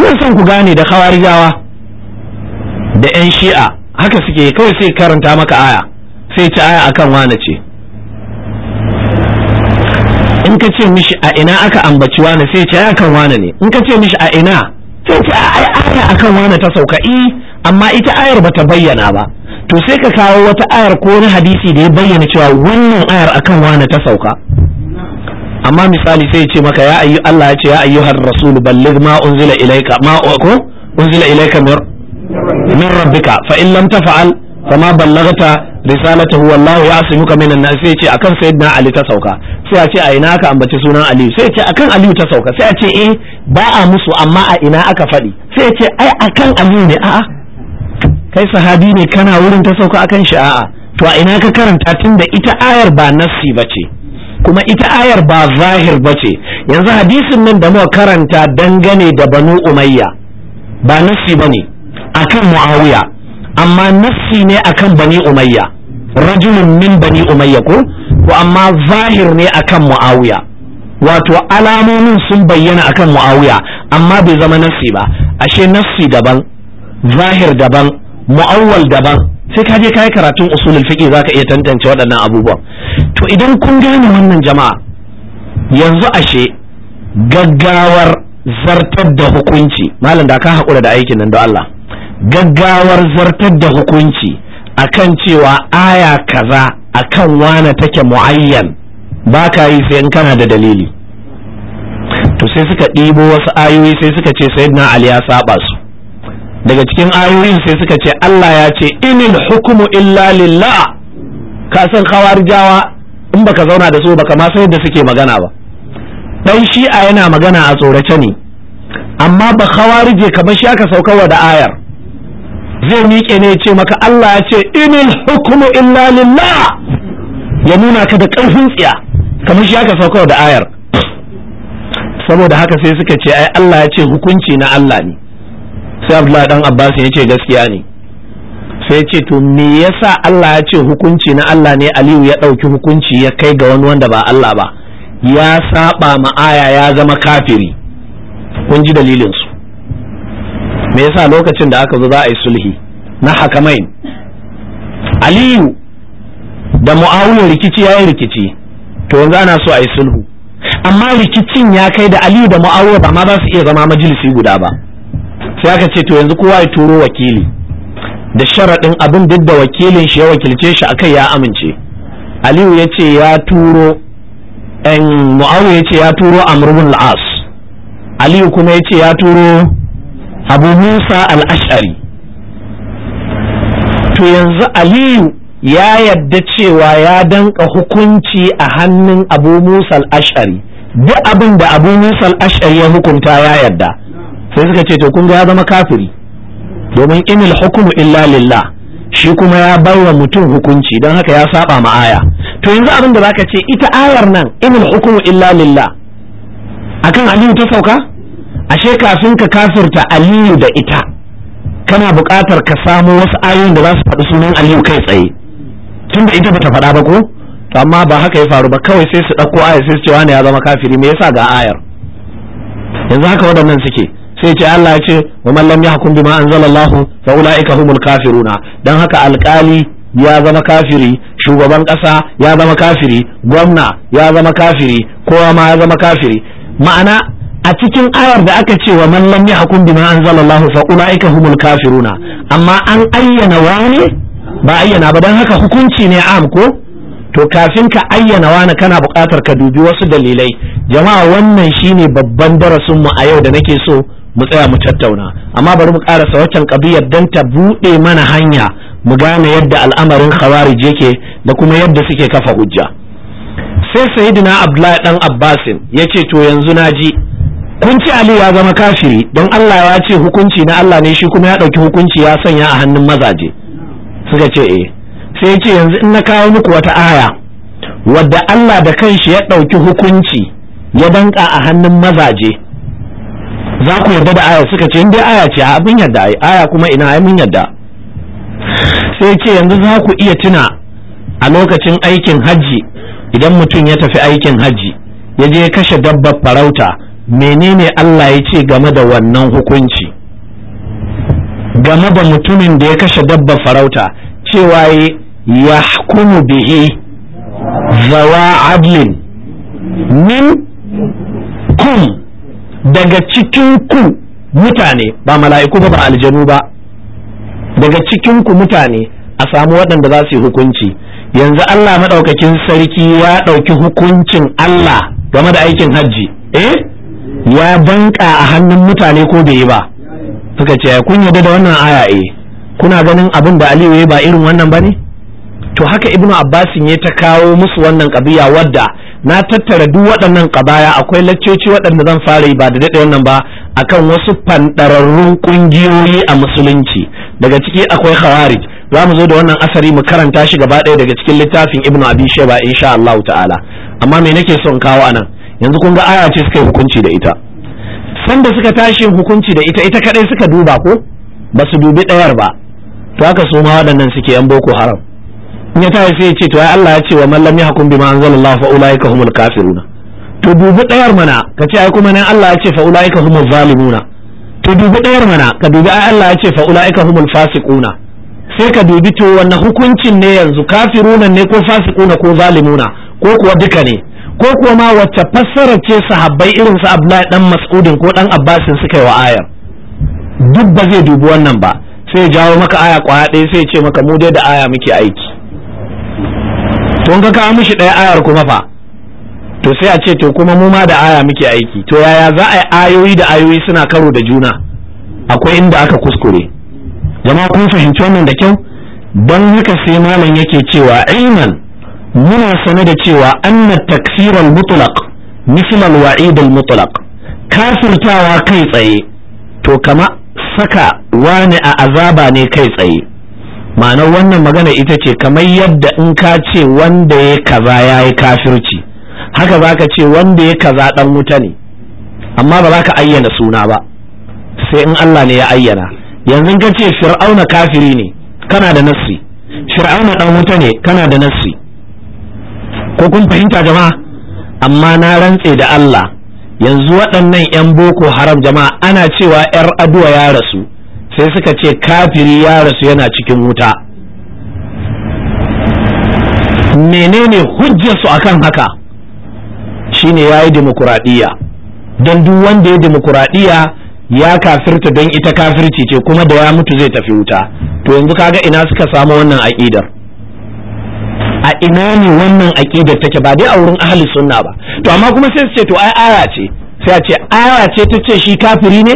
mun son ku gane da yawa da 'yan shi'a haka suke kawai sai karanta maka aya sai ci aya akan wane ce in ka ce mishi a ina aka ambaci wane sai ci aya akan wane ne in ka ce mishi a ina sai ci aya akan wane ta sauka i eh, amma ita ayar bata bayyana ba to sai ka kawo wata ayar ko wani hadisi da ya bayyana cewa wannan ayar akan wani ta sauka amma misali sai ce maka ya ayyu Allah ya ce ya ayyuhar rasul balligh ma unzila ilayka ma ko unzila ilayka min rabbika fa in lam taf'al fama ballagta risalatahu wallahu ya'simuka minan nas sai ce akan sayyidina ali ta sauka sai ya ce a ina aka ambaci sunan ali sai ya ce akan ali ta sauka sai ya ce eh ba a musu amma a ina aka faɗi sai ya ce ai akan ali ne a'a kai sahabi ne kana wurin ta sauka akan shi a'a to a ina ka karanta tun da ita ayar ba nassi bace kuma ita ayar ba zahir bace yanzu hadisin nan da muka karanta dangane da banu umayya ba nassi bane akan muawiya amma nassi ne akan bani umayya rajulun min bani umayya ko to amma zahir ne akan muawiya wato alamomin sun bayyana akan muawiya amma bai zama nassi ba ashe nassi daban zahir daban mu'awwal daban sai ka je ka yi karatun usulul fiqh ka iya tantance waɗannan abubuwan to idan kun gane wannan jama'a yanzu ashe gaggawar zartar da hukunci malam da ka haƙura da aikin nan don Allah gaggawar zartar da hukunci akan cewa aya kaza akan wane take mu'ayyan ba ka yi sai in kana da dalili to sai suka ɗibo wasu ayoyi sai suka ce sayyidina ali ya saba su daga cikin ayoyin sai suka ce Allah ya ce inil hukumu illa lillah ka san khawarijawa in baka zauna da su baka ma san yadda suke magana ba dan shi'a yana magana a tsorace ne amma ba khawarije kamar shi aka saukarwa da ayar zai miƙe ne ce maka Allah ya ce inil hukumu illa lillah ya nuna ka da ƙarfin tsiya kamar shi aka saukarwa da ayar saboda haka sai suka ce ai Allah ya ce hukunci na Allah ne sai abdullahi dan abbas ya ce gaskiya ne sai ce to me yasa Allah ya ce hukunci na Allah ne Aliyu ya ɗauki hukunci ya kai ga wani wanda ba Allah ba ya saba ma aya ya zama kafiri kun ji dalilin su me yasa lokacin da aka zo za a yi sulhi na hakamain Aliyu da Muawiya rikici yayin rikici to yanzu ana so a yi sulhu amma rikicin ya kai da Aliyu da Muawiya ba ma za su iya zama majalisi guda ba sai aka ce to yanzu kowa ya turo wakili da sharaɗin abin duk da wakilin shi ya wakilce shi akai ya amince aliyu ya ce ya turo ɗan mu'awiya ya ce ya turo Amurbin La'as aliyu kuma ya ce ya turo abu musa al'ashari to yanzu aliyu ya yadda cewa ya danka hukunci a hannun abu musa al'ashari duk abin da abu musa al'ashari ya hukunta ya yadda sai suka ce to kun ga ya zama kafiri domin inil hukumu illa lillah shi kuma ya bawa mutum hukunci don haka ya saba ma aya to yanzu abin da zaka ce ita ayar nan inil hukumu illa lillah akan aliyu ta sauka ashe kafin ka kafirta aliyu da ita kana buƙatar ka samo wasu ayoyin da za su faɗi sunan aliyu kai tsaye tun da ita bata faɗa ba ko to amma ba haka ya faru ba kawai sai su ɗauko aya sai su ce wani ya zama kafiri me yasa ga ayar yanzu haka waɗannan suke sai ce Allah ce wa man lam yahkum bima anzalallahu fa ulaika humul kafiruna dan haka alkali ya zama kafiri shugaban kasa ya zama kafiri gwamna ya zama kafiri kowa ma ya zama kafiri ma'ana a cikin ayar da aka ce wa man lam yahkum bima anzalallahu fa ulaika humul kafiruna amma an ayyana wani ba ayyana ba dan haka hukunci ne am ko to kafin ka ayyana wani kana buƙatar ka dubi wasu dalilai jama'a wannan shine babban darasin mu a yau da nake so mu tsaya mu tattauna amma bari mu karasa waccan kabiyar dan ta buɗe mana hanya mu gane yadda al'amarin khawarij yake da kuma yadda suke kafa hujja sai sayyidina abdullahi dan abbasin yace to yanzu naji kun ci ali ya zama kafiri don Allah ya ce hukunci na Allah ne shi kuma ya ɗauki hukunci ya sanya a hannun mazaje suka ce eh sai yace yanzu in na kawo muku wata aya wadda Allah da kanshi ya ɗauki hukunci ya danka a hannun mazaje za ku yarda da aya suka ce in dai aya ce a abin yarda aya kuma ina ai mun yarda sai ce yanzu za ku iya tuna a lokacin aikin hajji idan mutum ya tafi aikin hajji ya je kashe dabbar farauta menene Allah ya ce game da wannan hukunci game da mutumin da ya kashe dabbar farauta cewa ya hukumu bihi zawa adlin min kun. daga cikin ku mutane ba mala'iku ba ba aljanu ba daga cikin ku mutane a samu waɗanda za su yi hukunci yanzu Allah maɗaukakin sarki ya ɗauki hukuncin Allah game da aikin hajji eh ya banka a hannun mutane ko bai yi ba suka ce kun yarda da wannan aya eh kuna ganin abin da Aliyu ya ba irin wannan ba to haka Ibnu Abbasin ya ta kawo musu wannan kabiya wadda na tattara duk waɗannan ƙabaya akwai laccoci waɗanda zan fara yi ba da daɗe wannan ba akan wasu fanɗararrun ƙungiyoyi a musulunci daga ciki akwai khawarij za mu zo da wannan asari mu karanta shi gaba ɗaya daga cikin littafin ibnu abi sheba insha Allah ta'ala amma me nake son kawo anan yanzu kun ga aya ce suka yi hukunci da ita sanda suka tashi hukunci da ita ita kaɗai suka duba ko ba su dubi ɗayar ba to haka su ma waɗannan suke yan boko haram in ya tashi sai ya ce to ai Allah ya ce wa man lam yahkum bima anzalallahu fa ulaika humul kafiruna to dubi dayar mana ka ce ai kuma nan Allah ya ce fa ulaika humul zalimun to dubi dayar mana ka dubi ai Allah ya ce fa ulaika humul fasiquna sai ka dubi to wannan hukuncin ne yanzu kafiruna ne ko fasiquna ko zalimuna ko kuwa duka ne ko kuwa ma wacce fassara ce sahabbai irin su Abdullahi dan Mas'udin ko dan Abbasin suka yi wa ayar duk ba zai dubi wannan ba sai jawo maka aya kwaya ɗaya sai ya ce maka mu dai da aya muke aiki to in ka kawo mishi ɗaya ayar kuma fa to sai a ce to kuma mu ma da aya muke aiki to yaya za a yi ayoyi da ayoyi suna karo da juna akwai inda aka kuskure jama'a kun fahimci wannan da kyau don haka sai malam yake cewa ilman muna sane da cewa anna taksiran mutlaq misal al-wa'id al-mutlaq kafirtawa kai tsaye to kama saka wani a azaba ne kai tsaye ma'anar wannan magana ita ce kamar yadda in ka ce wanda ya kaza ya yi kafirci haka za ka ce wanda ya kaza dan wuta ne amma ba za ka ayyana suna ba sai in Allah ne ya ayyana yanzu ka ce fir'auna kafiri ne kana da nassi fir'auna dan wuta ne kana da nassi ko kun fahimta jama'a amma na rantse da Allah yanzu waɗannan 'yan boko haram jama'a ana cewa 'yar aduwa ya rasu sai suka ce kafiri ya rasu yana cikin wuta menene hujjarsu akan haka shine ya yi demokuraɗiyya don duk wanda ya demokuraɗiyya ya kafirta don ita kafirci ce kuma da ya mutu zai tafi wuta to yanzu kaga ina suka samu wannan aƙidar a ina ne wannan aƙidar take ba dai a wurin ahli sunna ba to amma kuma sai su ce to ai aya ce sai a ce aya ce ta ce shi kafiri ne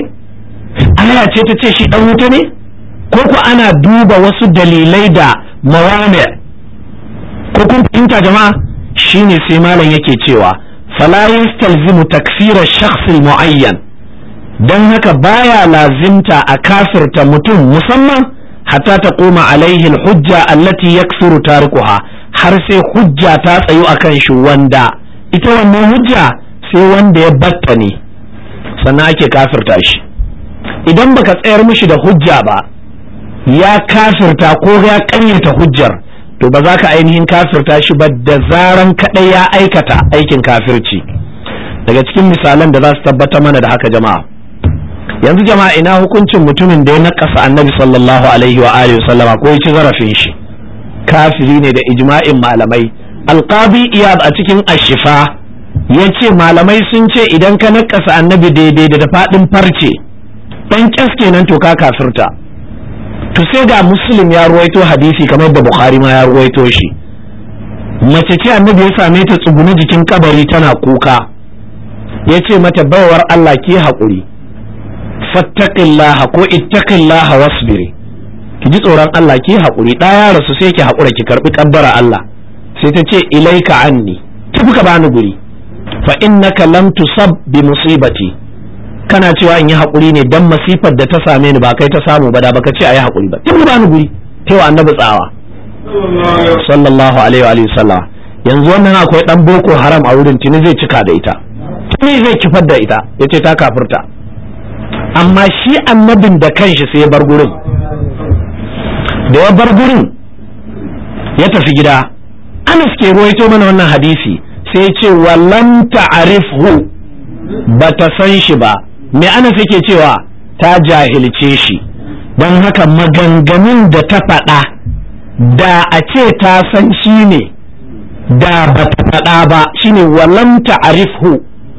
aya ce ta ce shi dan wuta ne ko ku ana duba wasu dalilai da mawane ko kun fahimta jama'a shine sai malam yake cewa fala yastalzimu takfira shakhs muayyan dan haka baya lazimta a kafirta mutum musamman hatta ta koma alaihi hujja allati yaksuru tarikuha har sai hujja ta tsayu akan shi wanda ita wannan hujja sai wanda ya batta ne sannan ake kafirta shi idan baka tsayar mishi da hujja ba ya kafirta ko ya ƙaryata hujjar to ba za ka ainihin kafirta shi ba da zaran kaɗai ya aikata aikin kafirci daga cikin misalan da za su tabbata mana da haka jama'a yanzu jama'a ina hukuncin mutumin da ya naƙasa annabi sallallahu alaihi wa alihi sallama ko ya ci zarafin shi kafiri ne da ijma'in malamai alqabi iyab a cikin ashifa ya ce malamai sun ce idan ka naƙasa annabi daidai da faɗin farce ɗan kyas kenan to ka kafirta to sai ga muslim ya ruwaito hadisi kamar da bukhari ma ya ruwaito shi mace ce annabi ya same ta tsuguni jikin kabari tana kuka ya ce mata bawar Allah ke haƙuri fattaqillaha ko ittaqillaha wasbiri ki ji tsoron Allah ki haƙuri ɗa ya rasu sai ki haƙura ki karɓi ƙabbara Allah sai ta ce ilaika anni tafi ka bani guri fa innaka lam tusab bi musibati kana cewa in yi haƙuri ne dan masifar da ta same ni ba kai ta samu ba da baka ce a yi haƙuri ba tun ba ni guri ta wa annabi tsawa sallallahu alaihi wa alihi sallam yanzu wannan akwai dan boko haram a wurin tuni zai cika da ita tuni zai kifar da ita yace ta kafirta amma shi annabin da kanshi sai ya bar gurin da ya bar gurin ya tafi gida Anas ke ruwaito mana wannan hadisi sai ya ce walam ta'rifhu bata san shi ba me ana suke cewa ta jahilce shi don haka maganganun da ta faɗa da a ce ta san shi ne da ba ta faɗa ba shine walam ta arifhu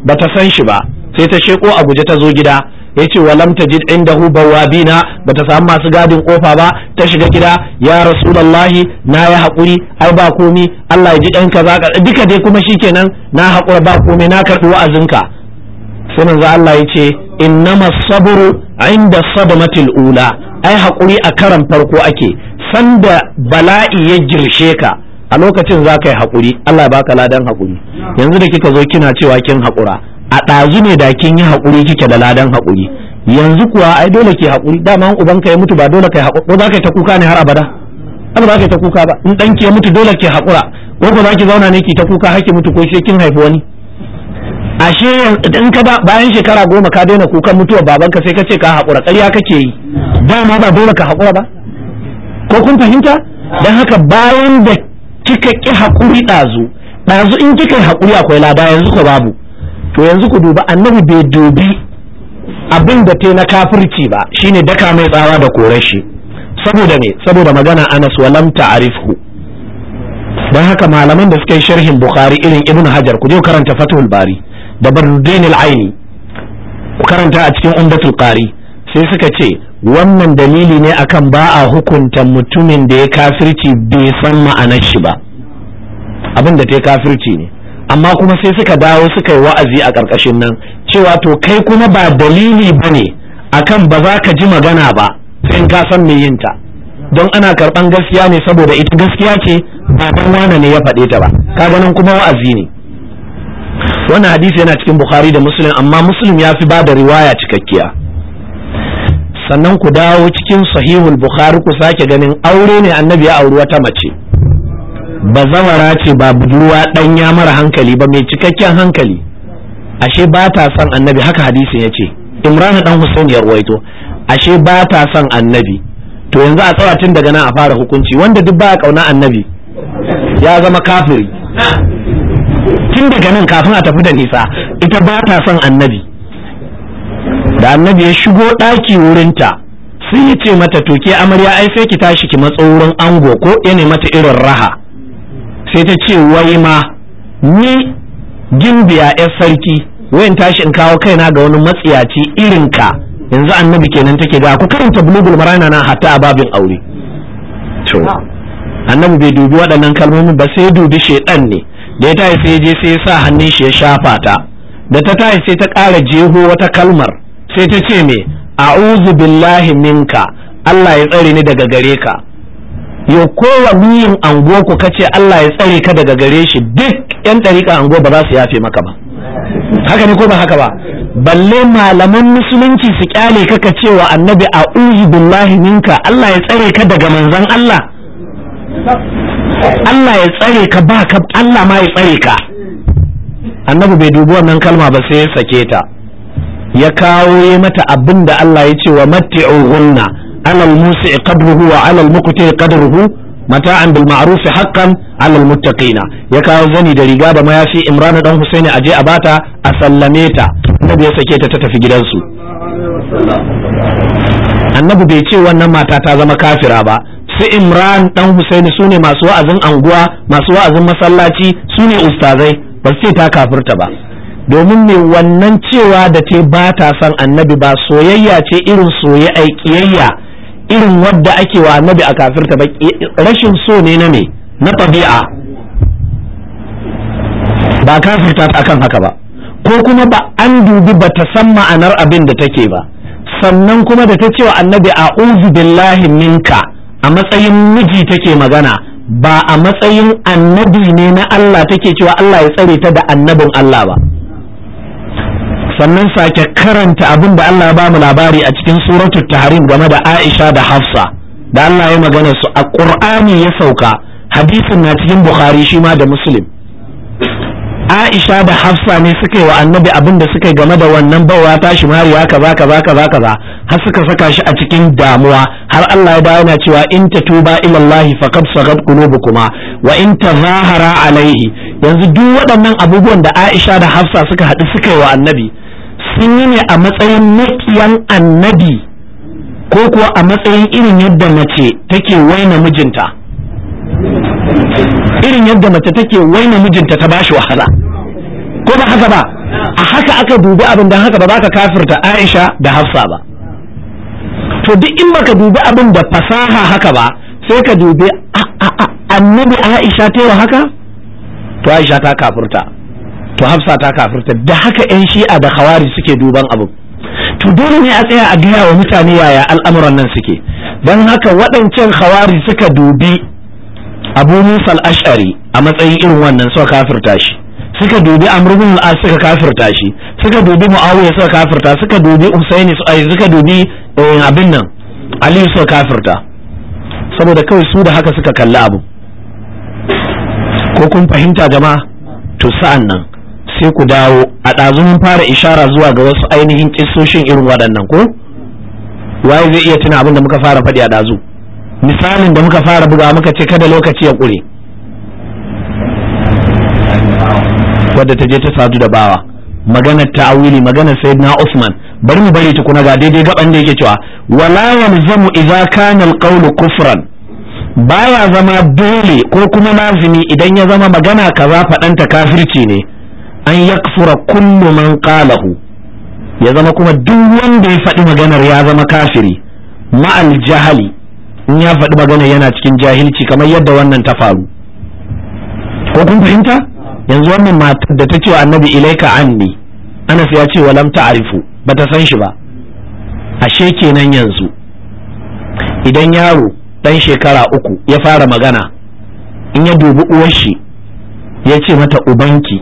ba ta san shi ba sai ta sheko a guje ta zo gida ya ce walam ta jid inda hu bawabina ba ta samu masu gadin kofa ba ta shiga gida ya rasulallahi na ya haƙuri ai ba komi Allah ya ji ɗan ka duka dai kuma shikenan na haƙura ba komi na karɓi wa'azinka sai manzo Allah ya ce innama sabru inda sadamatil ula ai hakuri a karan farko ake sanda bala'i ya girshe ka a lokacin za ka yi hakuri Allah ya baka ladan hakuri yanzu da kika zo kina cewa kin hakura a ɗazu ne da kin yi hakuri kike da ladan hakuri yanzu kuwa ai dole ke hakuri dama uban ka ya mutu ba dole kai hakuri ko za ka yi ta kuka ne har abada ba za ka yi ta kuka ba in ɗan ki ya mutu dole ke hakura ko ba za ki zauna ne ki ta kuka haki ki mutu ko sai kin haifi wani ashe in ka bayan shekara goma ka daina kukan mutuwa babanka sai ka ce ka haƙura ƙarya kake yi dama ba dole ka haƙura ba ko kun fahimta don haka bayan da kika ƙi haƙuri ɗazu ɗazu in kika haƙuri akwai lada yanzu ka babu to yanzu ku duba annabi bai dubi abin da ta na kafirci ba shine daka mai tsawa da korar shi saboda me saboda magana anas walam ta'rifhu don haka malaman da suka yi sharhin bukhari irin ibn hajar ku je karanta fathul bari da barduddin al'aini ku karanta a cikin umdatul qari sai suka ce wannan dalili ne akan ba a hukunta mutumin da ya kafirci bai san ma'anar shi ba abin da ta kafirci ne amma kuma sai suka dawo suka yi wa'azi a ƙarƙashin nan cewa to kai kuma ba dalili ba ne akan ba za ka ji magana ba sai ka san me yinta. don ana karɓan gaskiya ne saboda ita gaskiya ce ba dan wane ne ya faɗe ta ba ka ganin kuma wa'azi ne wannan hadisi yana cikin bukhari da muslim amma muslim ya fi ba da riwaya cikakkiya sannan ku dawo cikin sahihul bukhari ku sake ganin aure ne annabi ya auri wata mace ba zawara ce ba budurwa dan ya mara hankali ba mai cikakken hankali ashe ba ta son annabi haka hadisin ya ce imran dan husain ya ruwaito ashe ba ta son annabi to yanzu a tun daga nan a fara hukunci wanda duk ba kauna annabi ya zama kafiri tun daga nan kafin a tafi da nisa ita ba ta son annabi da annabi ya shigo ɗaki wurinta sun yi ce mata to ke amarya ai sai ki tashi ki matsa wurin ango ko ya ne mata irin raha sai ta ce wai ma ni gimbiya yar sarki wayan tashi in kawo kaina ga wani matsiyaci irin ka yanzu annabi kenan take ga ku karanta bulugul marana na hatta a babin aure to annabi bai dubi waɗannan kalmomin ba sai dubi shedan ne da ya tafi sai je sai ya sa hannun shi ya shafa ta da ta tafi sai ta ƙara jeho wata kalmar sai ta ce me a'udhu billahi minka Allah ya tsare ni daga gare ka yo kowa miyin ango ku kace Allah ya tsare ka daga gare shi duk yan ɗariƙa ango ba za su yafe maka ba haka ne ko ba haka ba balle malaman musulunci su kyale kaka cewa annabi a'udhu billahi minka Allah ya tsare ka daga manzon Allah Allah ya tsare ka ba ka Allah ma ya tsare ka annabi bai dubi wannan kalma ba sai ya sake ta ya kawo ya mata abin da Allah ya ce wa hunna alal musi qadruhu wa alal muqti qadruhu mata'an bil ma'ruf haqqan alal muttaqina ya kawo zani da riga da mayafi Imran dan Husaini je a bata a sallame ta annabi ya sake ta ta tafi gidansu annabi bai ce wannan mata ta zama kafira ba su imran dan husaini su ne masu wa'azin anguwa masu wa'azin masallaci su ne ustazai ba su ce ta kafirta ba domin me wannan cewa da ce ba ta son annabi ba soyayya ce irin soye aikiyayya irin wadda ake wa annabi a kafirta ba rashin so ne na me na tabi'a ba kafirta ta akan haka ba ko kuma ba an dubi ba ta san ma'anar abin da take ba sannan kuma da ta cewa annabi a'udhu billahi minka a matsayin miji take magana ba a matsayin annabi ne na Allah take cewa Allah ya tsare ta da annabin Allah ba sannan sake karanta abin da Allah ba mu labari a cikin suratul tahrim game da Aisha da Hafsa da Allah ya magana su a Qur'ani ya sauka hadisin na cikin Bukhari shi ma da Muslim aisha da hafsa ne suka yi wa annabi abin da suka yi game da wannan bawa tashi mariya kaza kaza kaza kaza har suka saka shi a cikin damuwa har Allah ya dawo yana cewa in tuba ila Allah faqad sagat qulubukuma wa in tazahara alaihi yanzu duk waɗannan abubuwan da aisha da hafsa suka haɗu suka yi wa annabi sun yi ne a matsayin makiyan annabi ko kuwa a matsayin irin yadda mace take waina mijinta irin yadda mace take waina mijinta ta bashi wahala ko ba haka ba a haka aka dubi abin haka ba za ka kafirta Aisha da Hafsa ba to duk in baka dubi abin da fasaha haka ba sai ka dubi annabi Aisha ta yi haka to Aisha ta kafirta to Hafsa ta kafirta da haka yan shi'a da khawari suke duban abu to dole ne a tsaya a gaya wa mutane yaya al'amuran nan suke don haka waɗancan khawari suka dubi abu musa al-ash'ari a matsayin irin wannan suka kafirta shi suka dubi amr ibn al suka kafirta shi suka dubi muawiya suka kafirta suka dubi husaini suka dubi eh, abin nan ali suka kafirta saboda kawai su da haka suka kalli abu ko kun fahimta jama'a to sa'an nan sai ku dawo a ɗazu mun fara ishara zuwa ga wasu ainihin kissoshin irin waɗannan ko waye zai iya tuna abin da muka fara faɗi a ɗazu misalin da muka fara buga muka ce kada lokaci ya ƙure wadda ta je ta sadu da bawa maganar ta'awili maganar na Usman bari mu bari tukuna ga daidai gaban da yake cewa wala zamu idza kana al kufuran. kufran baya zama dole ko kuma lazimi idan ya zama magana kaza faɗanta kafirci ne an yakfura kullu man qalahu ya zama kuma duk wanda ya faɗi maganar ya zama kafiri ma'al jahali in ya faɗi magana yana cikin jahilci kamar yadda wannan ta faru ko kun fahimta yanzu wannan matar da ta ce wa annabi ilaika anni anas ya ce walam ba bata san shi ba ashe kenan yanzu idan yaro ɗan shekara uku ya fara magana in ya dubi uwar shi ya ce mata ubanki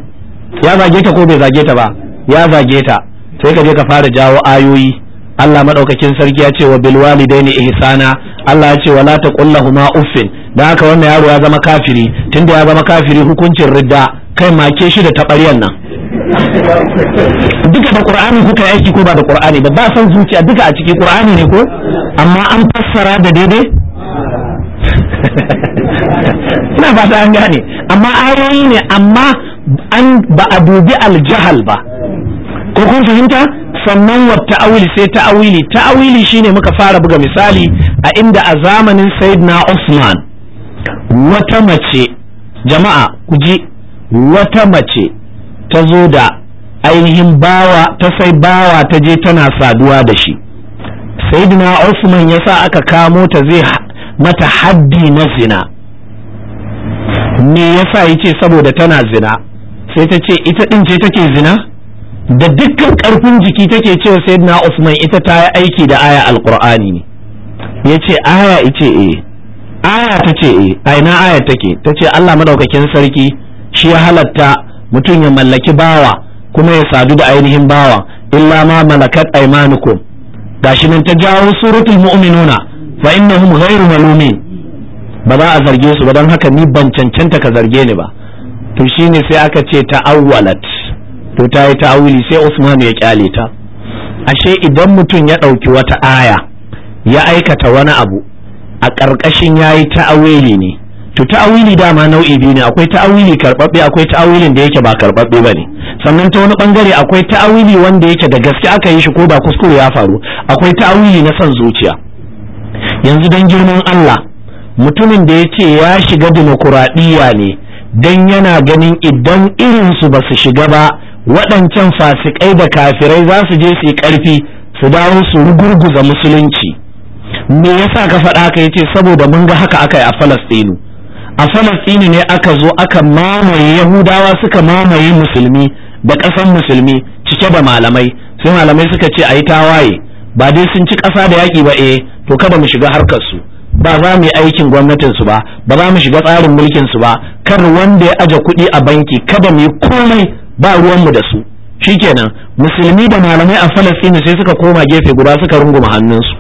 ya zage ta ko bai zage ta ba ya zage ta sai ka je ka fara jawo ayoyi Allah maɗaukakin sarki ya ce wa bil walidaini ihsana Allah ya ce wala taqulla huma uffin da haka wannan yaro ya zama kafiri tunda ya zama kafiri hukuncin ridda kai make shi da tabaryan nan duka da qur'ani kuka aiki ko ba da qur'ani ba ba san zuciya duka a cikin qur'ani ne ko amma an fassara da daidai ina fata an gane amma ayoyi ne amma an ba a dubi aljahal ba ko kun fahimta sannan wa ta'awili sai ta'awili ta'awili shine muka fara buga misali a inda a zamanin sayyidina Usman wata mace jama'a ku ji wata mace ta zo da ainihin bawa ta sai bawa ta je tana saduwa da shi sayyidina Usman sa aka kamo ta zai mata haddi na zina me yasa yace saboda tana zina sai ta ce ita din ce take zina da dukkan karfin jiki take cewa sayyidina Usman ita ta yi aiki da aya alqur'ani ne yace aya ice eh aya ta ce eh aina aya take ta ce Allah madaukakin sarki shi ya halatta mutum ya mallaki bawa kuma ya sadu da ainihin bawa illa ma malakat aymanukum gashi nan ta jawo suratul mu'minuna fa innahum ghayru malumin ba za a zarge su ba don haka ni ban cancanta ka zarge ni ba to shine sai aka ce ta awwalat to ta yi ta'awili sai Usman ya kyale ta ashe idan mutum ya ɗauki wata aya ya aikata wani abu a ƙarƙashin ya yi ta'awili ne to ta'awili dama nau'i biyu ne akwai ta'awili karɓaɓɓe akwai ta'awilin da yake ba karɓaɓɓe ba ne sannan ta wani ɓangare akwai ta'awili wanda yake da gaske aka yi shi ko ba kuskure ya faru akwai ta'awili na son zuciya yanzu dan girman Allah mutumin da ya ce ya shiga dimokuraɗiyya ne dan yana ganin idan irinsu ba su shiga ba waɗancan fasikai da kafirai za su je su yi ƙarfi su dawo su rugurguza musulunci me yasa ka faɗa ka yace saboda mun ga haka aka yi a Falastinu a Falastinu ne aka zo aka mamaye Yahudawa suka mamaye musulmi da ƙasan musulmi cike da malamai sai malamai suka ce a yi tawaye ba dai sun ci ƙasa da yaƙi ba eh to kada mu shiga harkar su ba za mu yi aikin gwamnatinsu ba ba za mu shiga tsarin mulkin su ba kar wanda ya aje kuɗi a banki kada mu yi komai ba ruwanmu da su shi kenan, musulmi da malamai a falastinu sai suka koma gefe guda suka runguma hannunsu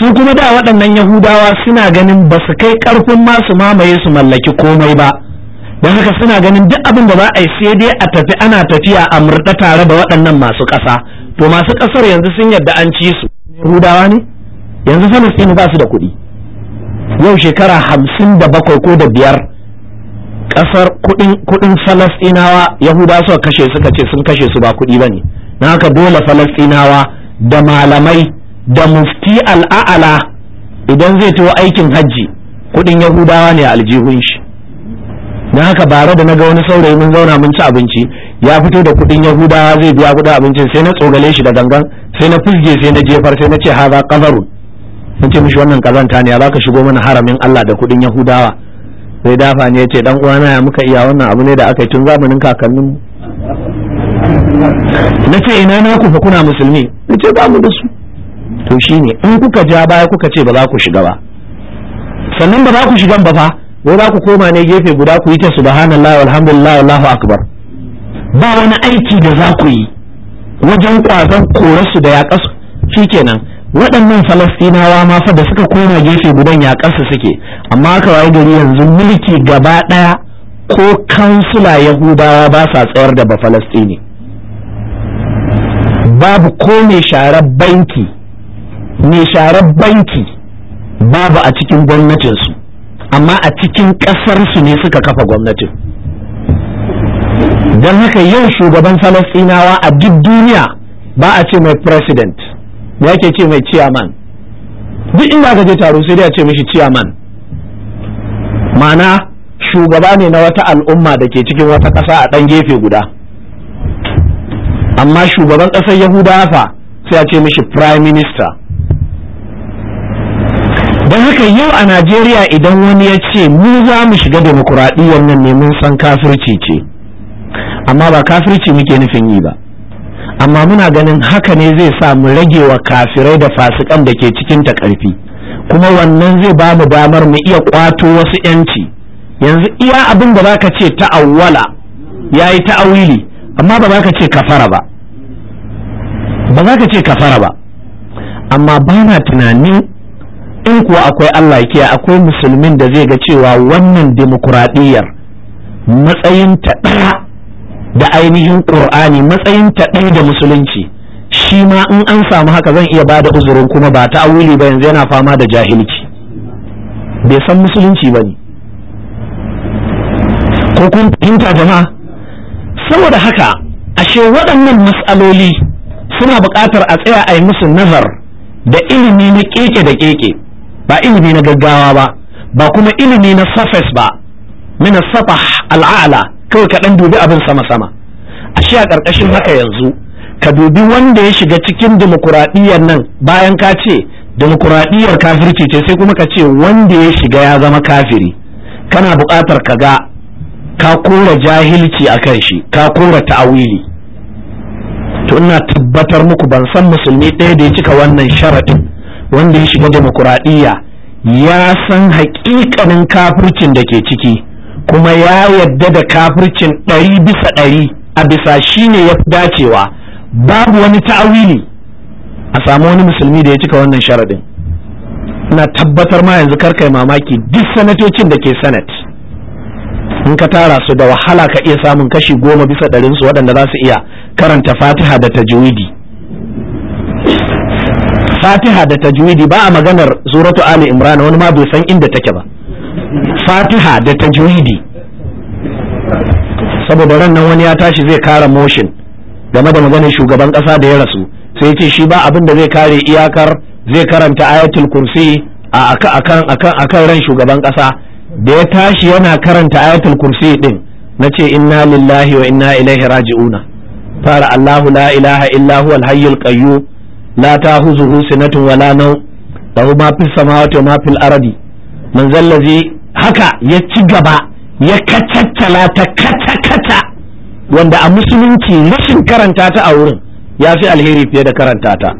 su kuma da waɗannan yahudawa suna ganin ba su kai ƙarfin ma su mamaye su mallaki komai ba don haka suna ganin duk abin da za a yi sai dai a tafi ana tafiya a murɗa tare da waɗannan masu ƙasa to masu ƙasar yanzu sun yadda an ci su yahudawa ne yanzu falastinu ba su da kuɗi yau shekara hamsin da bakwai ko da biyar ƙasar kudin falastinawa yahuda suka kashe suka ce sun kashe su ba kudi bane na haka dole falastinawa da malamai da mufti al'a'ala idan zai tuwa aikin hajji kudin yahudawa ne a aljihun shi na haka bare da ga wani saurayi mun zauna mun ci abinci ya fito da kudin yahudawa zai biya kudin abincin sai na tsogale shi da gangan sai na fusge sai na jefar sai na ce haza qadarun mun ce mishi wannan kazanta ne ya zaka shigo mana haramin Allah da kudin yahudawa sai dafa ne ya ce dan uwana ya muka iya wannan abu ne da aka yi tun zamanin kakannin na ce ina na ku fa kuna musulmi na ce ba mu da su to shi ne in kuka ja baya kuka ce ba za ku shiga ba sannan ba za ku shigan ba fa ko za ku koma ne gefe guda ku yi ta subhanallahi walhamdulillahi wallahu akbar ba wani aiki da za ku yi wajen kwazon korasu da yaƙasu shikenan waɗannan falastinawa ma fa da suka koma gefe gudan ya ƙasa suke amma aka waye gari yanzu mulki gaba ɗaya ko kansula yahudawa ba sa tsayar da ba falastini babu ko mai sharar banki mai sharar banki babu a cikin gwamnatinsu amma a cikin ƙasarsu ne suka kafa gwamnatin don haka yau shugaban falastinawa a duk duniya ba a ce mai president ya ke ce mai ciyaman duk inda aka je taro sai dai a ce mishi ciyaman ma'ana shugaba ne na wata al'umma da ke cikin wata ƙasa a ɗan gefe guda amma shugaban ƙasar yahuda fa sai a ce mishi prime minister don haka yau a najeriya idan wani ya ce mu za mu shiga demokuraɗiyyar nan ne mun san kafirci ce amma ba kafirci muke nufin yi ba amma muna ganin haka ne zai sa mu rage wa kafirai da fasikan da ke cikin ta karfi kuma wannan zai ba mu damar mu iya kwato wasu yanci yanzu iya abin da baka ce ta'awwala yayi ta'awili amma ba za ce kafara ba ba za ka ce kafara ba amma ba na tunanin in kuwa akwai Allah yake akwai musulmin da zai ga cewa wannan dimokuraɗiyyar matsayin ta ɗaya da ainihin ƙur'ani matsayin taɗai da musulunci shi ma in an samu haka zan iya bada uzurin kuma ba ta awuli ba yanzu yana fama da jahilci bai san musulunci ba ne ko kun fahimta jama'a saboda haka ashe waɗannan matsaloli suna buƙatar a tsaya a yi musu nazar da ilimi na keke da keke ba ilimi na gaggawa ba ba kuma ilimi na surface ba min safah al'ala kawai ka ɗan dubi abin sama sama a shi a ƙarƙashin haka yanzu ka dubi wanda ya shiga cikin dimokuraɗiyyar nan bayan ka ce demokuraɗiyyar kafirci ce sai kuma ka ce wanda ya shiga ya zama kafiri kana buƙatar ka ga ka kora jahilci a kan shi ka kora ta'awili to ina tabbatar muku ban san musulmi ɗaya da ya cika wannan sharaɗin wanda ya shiga dimokuraɗiyya ya san haƙiƙanin kafircin da ke ciki kuma ya yadda da kafircin ɗari bisa ɗari a bisa shi ne ya fi dacewa babu wani ta'awili a samu wani musulmi da ya cika wannan sharaɗin na tabbatar ma yanzu yi mamaki duk sanatocin da ke sanat in ka tara su da wahala ka iya samun kashi goma bisa ɗarinsu waɗanda za su iya karanta fatiha da tajwidi fatiha da tajwidi ba a maganar suratu ali imran wani ma bai san inda take ba fatiha da tajwidi saboda ran nan wani ya tashi zai kara motion game da maganar shugaban kasa da ya rasu sai ce shi ba abin da zai kare iyakar zai karanta ayatul kursi a akan akan akan ran shugaban kasa da ya tashi yana karanta ayatul kursi din nace inna lillahi wa inna ilaihi raji'una fara Allahu la ilaha illa huwa alhayyul qayyum la tahuzuhu sinatun wala nawm lahu ma fis samawati wa ma fil ardi manzon haka ya ci gaba ya kacaccala ta kata kata wanda a musulunci rashin karanta ta a wurin ya fi alheri fiye da karanta ta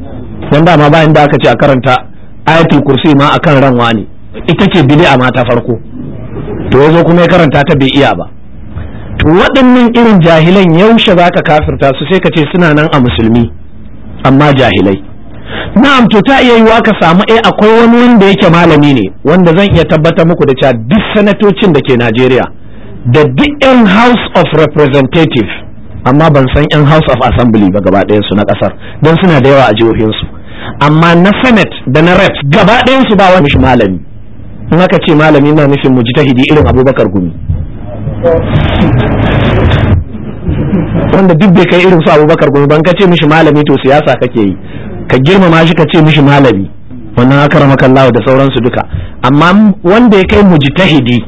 wanda ma bayan da aka ce a karanta ayatul kursi ma akan ranwa ne ita ce bid'a ma ta farko to yazo kuma ya karanta ta bai iya ba to waɗannan irin jahilan yaushe zaka kafirta su sai ka ce suna nan a musulmi amma jahilai na'am to ta iya yiwa ka samu eh akwai wani wanda yake malami ne wanda zan iya tabbatar muku da cewa duk sanatocin da ke Najeriya da duk yan House of Representative amma ban san yan House of Assembly ba gaba ɗayan su na ƙasar don suna da yawa a jihohin su amma na Senate da na Reps gaba ɗayan su ba wani shi malami in aka ce malami na nufin hidi irin Abubakar Gumi wanda duk bai kai irin su Abubakar Gumi ban kace mishi malami to siyasa kake yi ka girmama shi ka ce mishi malami wannan akaramaka Allah da sauransu duka amma wanda ya kai mujtahidi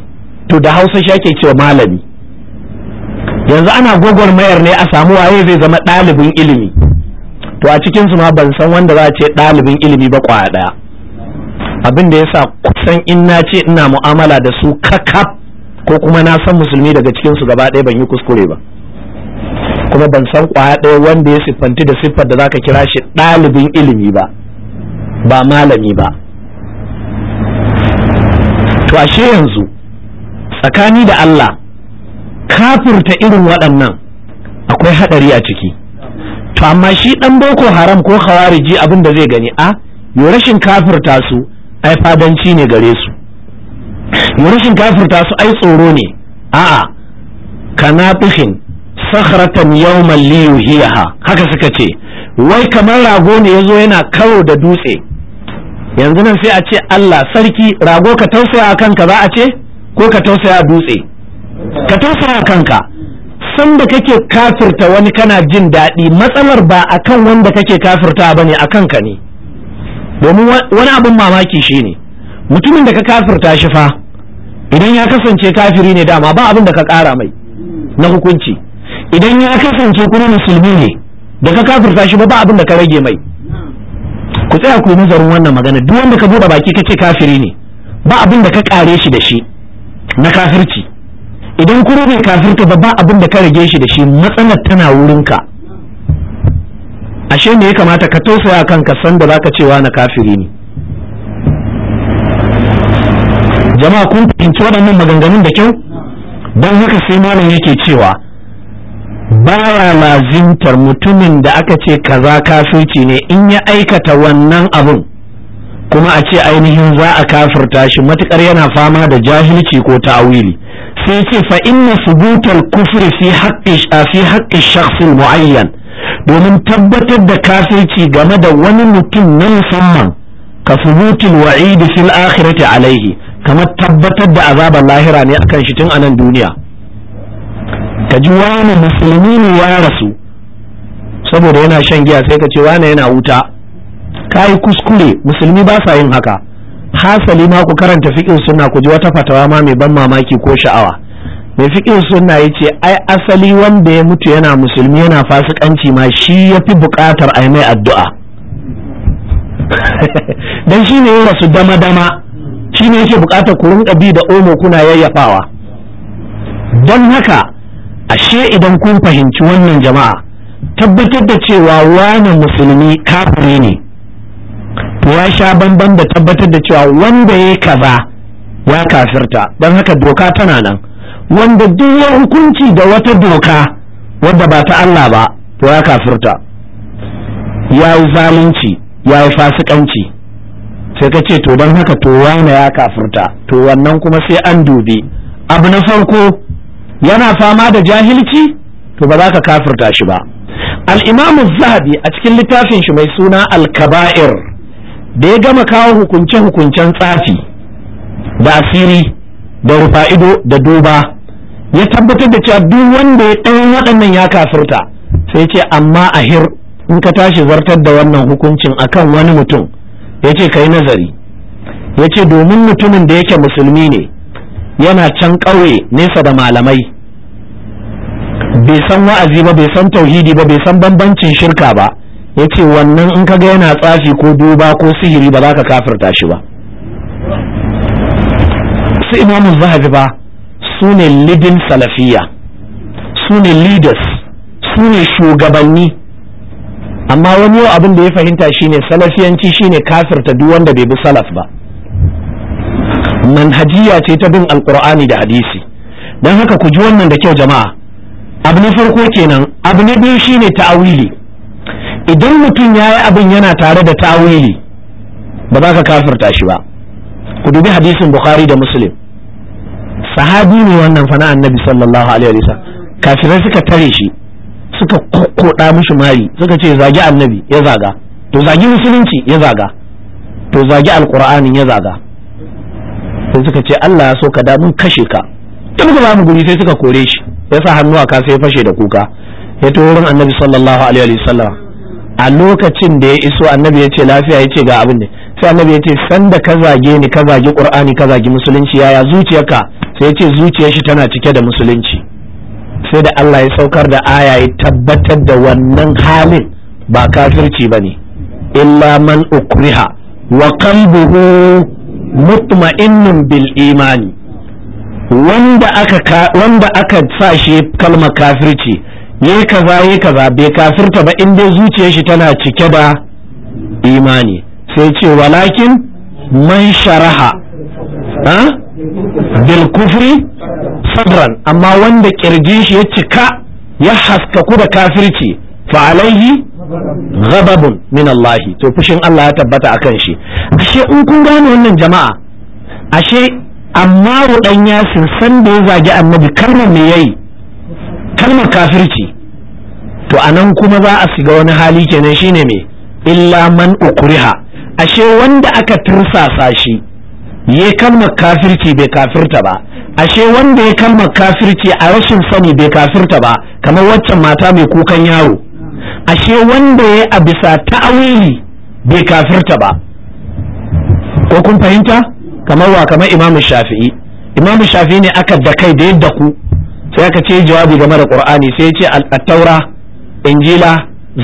to da Hausa shi ake cewa malami yanzu ana mayar ne a samu waye zai zama ɗalibin ilimi to a cikin su ma ban san wanda za a ce ɗalibin ilimi ba kwaya ɗaya abin da yasa kusan in na ce ina mu'amala da su kakaf ko kuma na san musulmi daga cikin su gaba ɗaya ban yi kuskure ba kuma ban san kwaya ɗaya wanda ya siffanti da siffar da zaka kira shi ɗalibin ilimi ba ba malami ba to ashe yanzu tsakani da Allah kafirta irin waɗannan akwai haɗari a ciki to amma shi ɗan boko haram ko hawariji abin da zai gani a yi rashin kafirta su ai fadanci ne gare su yi rashin kafirta su ai tsoro ne a'a kana kanafihin sakhratan yawman liyuhiyaha haka suka ce wai kamar rago ne yazo yana karo da dutse yanzu nan sai a ce Allah sarki rago ka tausaya a kanka za a ce ko ka tausaya dutse ka tausaya a kanka san da kake kafirta wani kana jin daɗi matsalar ba akan wanda kake kafirta bane a kanka ne domin wani abin mamaki shine mutumin da ka kafirta shi fa idan ya kasance kafiri ne dama ba abin da ka ƙara mai na hukunci idan ya kasance kuma musulmi ne da ka kafirta shi ba ba abin da ka rage mai ku tsaya ku yi nazarin wannan magana duk wanda ka buɗe baki kake kafiri ne ba abin da ka kare shi da shi na kafirci idan kuma bai kafirta ba ba abin da ka rage shi da shi matsalar tana ka ashe me ya kamata ka tausaya kanka san da zaka cewa na kafiri ne jama'a kun fahimci waɗannan maganganun da kyau don haka sai malam yake cewa baya lazimtar mutumin da aka ce kaza kafirci ne in ya aikata wannan abun kuma a ce ainihin za a kafirta shi matukar yana fama da jahilci ko ta'awili sai ce fa inna subutal kufri fi haqqi fi haqqi shakhsin muayyan domin tabbatar da kafirci game da wani mutum na musamman ka subutul wa'idi fil akhirati alaihi kamar tabbatar da azabar lahira ne akan shi tun anan duniya ka ji wani musulmi ne ya rasu saboda yana shan giya sai ka ce wani yana wuta ka yi kuskure musulmi ba sa yin haka hasali ma ku karanta fikin sunna ku ji wata fatawa ma mai ban mamaki ko sha'awa mai fikin sunna ya ce ai asali wanda ya mutu yana musulmi yana fasikanci ma shi ya fi buƙatar a mai addu'a dan shi ne ya rasu dama dama shi ne yake buƙatar ku rinka bi da omo kuna yayyafawa don haka ashe idan kun fahimci wannan jama'a tabbatar da cewa wani musulmi kafiri ne ya sha banban da tabbatar da cewa wanda ya kaza ya kafirta don haka doka tana nan wanda duk ya hukunci da wata doka wadda ba ta Allah ba to ya kafirta ya yi zalunci ya yi fasikanci sai ka ce to don haka to wani ya kafirta to wannan kuma sai an dubi abu na farko yana fama da jahilci to ba za ka kafirta shi ba al-imam zahabi a cikin littafin shi mai suna al-kaba'ir da ya gama kawo hukunce hukuncen tsafi da asiri da rufa'ido da duba ya tabbatar da cewa duk wanda ya ɗan waɗannan ya kafirta sai ce amma ahir in ka tashi zartar da wannan hukuncin akan wani mutum ya ce ka yi nazari ya ce domin mutumin da yake musulmi ne yana can ƙauye nesa da malamai bai san wa'azi ba bai san tauhidi ba bai san bambancin shirka ba ya ce wannan in kaga yana tsafi ko duba ko sihiri ba za ka kafirta shi ba su imamu zahabi ba su ne lidin salafiya su ne leaders su ne shugabanni amma wani yau abin da ya fahimta shine salafiyanci shine kafirta duk wanda bai bi salaf ba manhajiya ce ta bin alqur'ani da hadisi dan haka ku ji wannan da kyau jama'a abu na farko kenan abu na biyu shine ta'awili idan mutum ya yi abin yana tare da ta'awili ba za ka kafirta shi ba ku dubi hadisin bukhari da muslim sahabi ne wannan fana annabi sallallahu alaihi wasallam kafirai suka tare shi suka kokkoda mishi mari suka ce zagi annabi ya zaga to zagi musulunci ya zaga to zagi alqur'anin ya zaga sai suka ce Allah ya so ka da mun kashe ka da ba mu guri sai suka kore shi ya sa hannu a sai ya fashe da kuka ya to wurin annabi sallallahu alaihi wa sallam. a lokacin da ya iso annabi ya ce lafiya ya ce ga abin ne sai annabi ya ce sanda ka zage ni ka zage qur'ani ka zage musulunci yaya zuciyarka sai ya ce zuciyar shi tana cike da musulunci sai da Allah ya saukar da aya ya tabbatar da wannan halin ba kafirci bane illa man ukriha wa qalbuhu mutma'innin bil imani wanda aka wanda aka sa shi kalma kafirci yayi kaza yayi kaza bai kafirta ba in dai zuciyar shi tana cike da imani sai ce walakin man sharaha ha bil kufri sadran amma wanda kirjin shi ya cika ya haskaku da kafirci Fa'alaihi alaihi ghadabun min Allah to fushin Allah ya tabbata a kan shi ashe in kun gane wannan jama'a ashe amma dan yasin san da ya zagi annabi kalmar me yayi kalmar kafirci to anan kuma za a shiga wani hali kenan shine me illa man ukriha ashe wanda aka tursasa shi ya kalmar kafirci bai kafirta ba ashe wanda ya kalmar kafirci a rashin sani bai kafirta ba kamar waccan mata mai kukan yaro ashe wanda ya a bisa ta'awili bai kafirta ba ko kun fahimta kamar wa kamar imamu shafi'i imamu shafi'i ne aka da kai da yadda ku sai aka ce jawabi game da qur'ani sai ya ce al-taura injila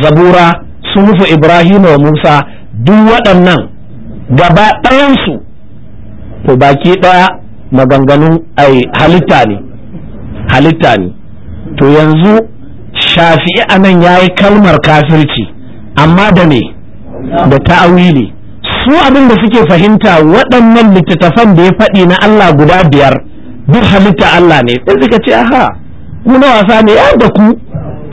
zabura suhufu ibrahim wa musa duk waɗannan gaba ɗayansu to baki ɗaya maganganun ai halitta ne halitta ne to yanzu shafi'i anan yi kalmar kafirci amma da me da ta'awili su abin da suke fahimta waɗannan littattafan da ya faɗi na Allah guda biyar duk halitta Allah ne sai suka ce aha mu na wasa ne ya da ku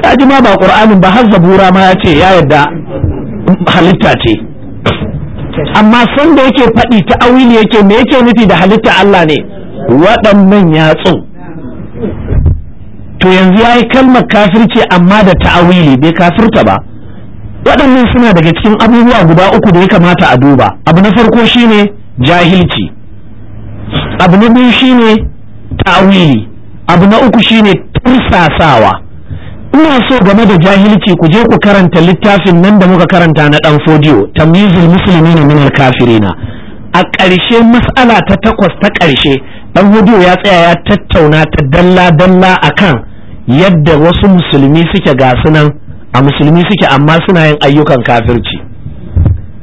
kaji ma ba qur'anin ba har zabura ma ya ce ya yadda halitta ce amma san da yake faɗi ta'awili yake me yake nufi da halitta Allah ne waɗannan yatsun to yanzu ya yi kalmar kafirci amma da ta'awili bai kafirta ba waɗannan suna daga cikin abubuwa guda uku da ya kamata a duba abu na farko shine jahilci abu na biyu shine ta'awili abu na uku shine tursasawa ina so game da jahilci ku je ku karanta littafin nan da muka karanta na dan fodiyo tamyizul muslimina min kafiri kafirina a ƙarshe mas'ala ta takwas ta ƙarshe dan hudu ya tsaya ya tattauna ta dalla dalla akan yadda wasu musulmi suke gasu nan a musulmi suke amma suna yin ayyukan kafirci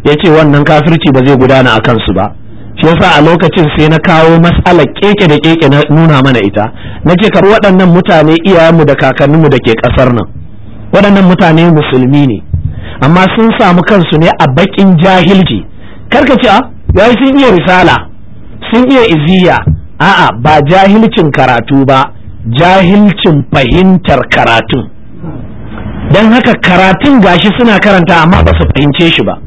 ya ce wannan kafirci ba zai gudana a kansu ba shi yasa a lokacin sai na kawo matsalar keke da keke na nuna mana ita na ce kar waɗannan mutane iyayenmu da kakanninmu da ke ƙasar nan waɗannan mutane musulmi ne amma sun samu kansu ne a baƙin jahilci karka ce ah, a yi sun iya risala sun iya iziya a'a ba jahilcin karatu ba jahilcin fahimtar karatun don haka karatun gashi suna karanta amma ba su fahimce shi ba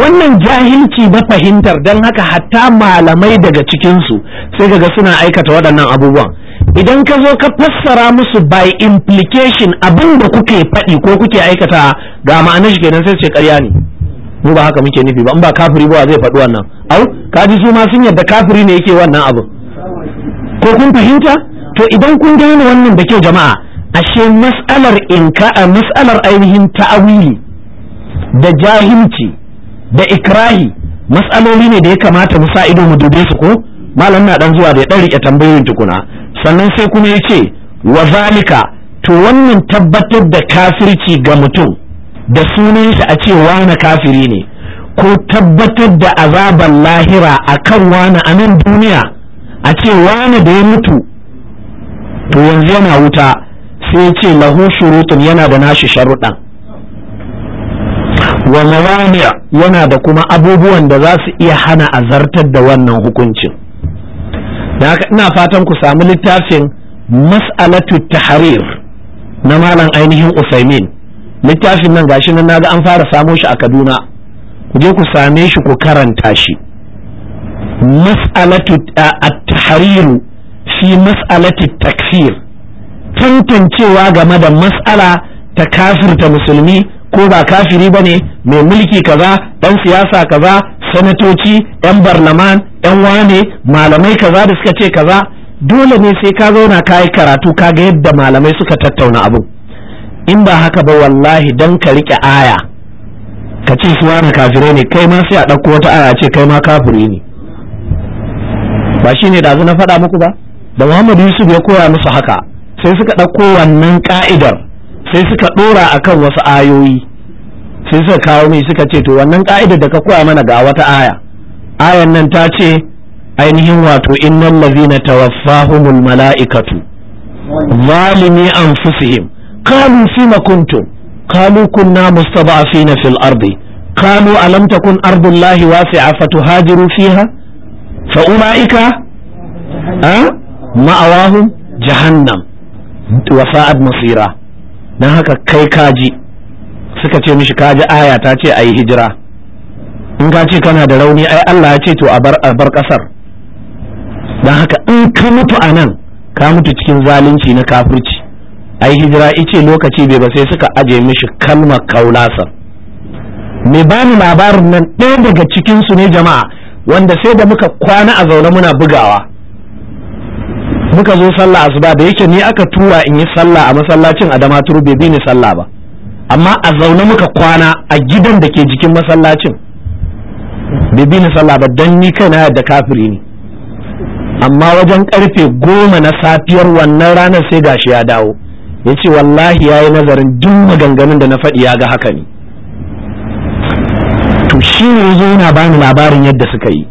wannan jahilci mafahimtar fahimtar don haka hatta malamai daga cikinsu sai daga suna aikata waɗannan abubuwan idan ka zo ka fassara musu by implication abin da kuke faɗi ko kuke aikata ga ma'anar shi kenan sai ce karya ne mu ba haka muke nufi ba in ba kafiri ba zai faɗi wannan au ka ji su ma sun yarda kafiri ne yake wannan abin ko kun fahimta to idan kun gane wannan da kyau jama'a ashe mas'alar inka a mas'alar ainihin ta'awili da jahilci da ikrahi mas'aloli ne da ya kamata mu sa ido mu dube su ko malam na dan zuwa da ya dan rike tambayoyin tukuna sannan sai kuma ya ce wa zalika to wannan tabbatar da kafirci ga mutum da sunan shi a ce wani kafiri ne ko tabbatar da azaban lahira akan wani a nan duniya a ce wani da ya mutu to yanzu yana wuta sai ya ce lahu shurutun yana da nashi sharuɗan wa mawani'a yana da kuma abubuwan da za su iya hana a zartar da wannan hukuncin da haka ina fatan ku sami littafin mas'alatu tahrir na malam ainihin usaimin littafin nan gashi nan naga an fara samo shi a kaduna ku je ku same shi ku karanta shi mas'alatu at shi fi mas'alati takfir tantancewa game da mas'ala ta kafirta musulmi ko ba kafiri ba ne mai mulki kaza dan siyasa kaza sanatoci yan barlaman yan wane malamai kaza da suka ce kaza dole ne sai ka zauna ka yi karatu ka ga yadda malamai suka tattauna abu in ba haka ba wallahi dan ka rike aya ka ce su wane kafirai ne kai ma sai a ɗauko wata aya ce kai ma kafiri ne ba shi ne da na faɗa muku ba da Muhammadu Yusuf ya koya musu haka sai suka ɗauko wannan ka'idar sai suka ɗora akan wasu ayoyi sai suka kawo mai suka ce to wannan ka'idar da ka koya mana ga wata aya ayan nan ta ce ainihin wato innal ladzina tawaffahumul mala'ikatu zalimi anfusihim qalu fima kuntum قالوا كنا مستضعفين في الأرض قالوا ألم تكن أرض الله واسعة فتهاجروا fa ulaika maawahu jahannam wa sa'ad masira dan haka kai kaji suka ce mishi kaji aya ta ce ayi hijira in ka ce kana da rauni ai Allah ya ce to a bar kasar dan haka in ka mutu anan ka mutu cikin zalunci na kafirci ai hijira ice lokaci bai ba sai suka aje mishi kalmar kaulasa Me bani labarin nan ɗaya daga cikinsu ne jama'a wanda sai da muka kwana a zaune muna bugawa muka zo sallah asuba da yake ni aka tura in yi sallah a masallacin adama turu bai ni sallah ba amma a zaune muka kwana a gidan da ke jikin masallacin bai bi ni sallah ba don ni kai na yadda kafiri ne amma wajen karfe goma na safiyar wannan ranar sai gashi ya dawo ya ce wallahi ya yi nazarin duk maganganun da na faɗi ya ga haka ne to shi ne zo yana bani labarin yadda suka yi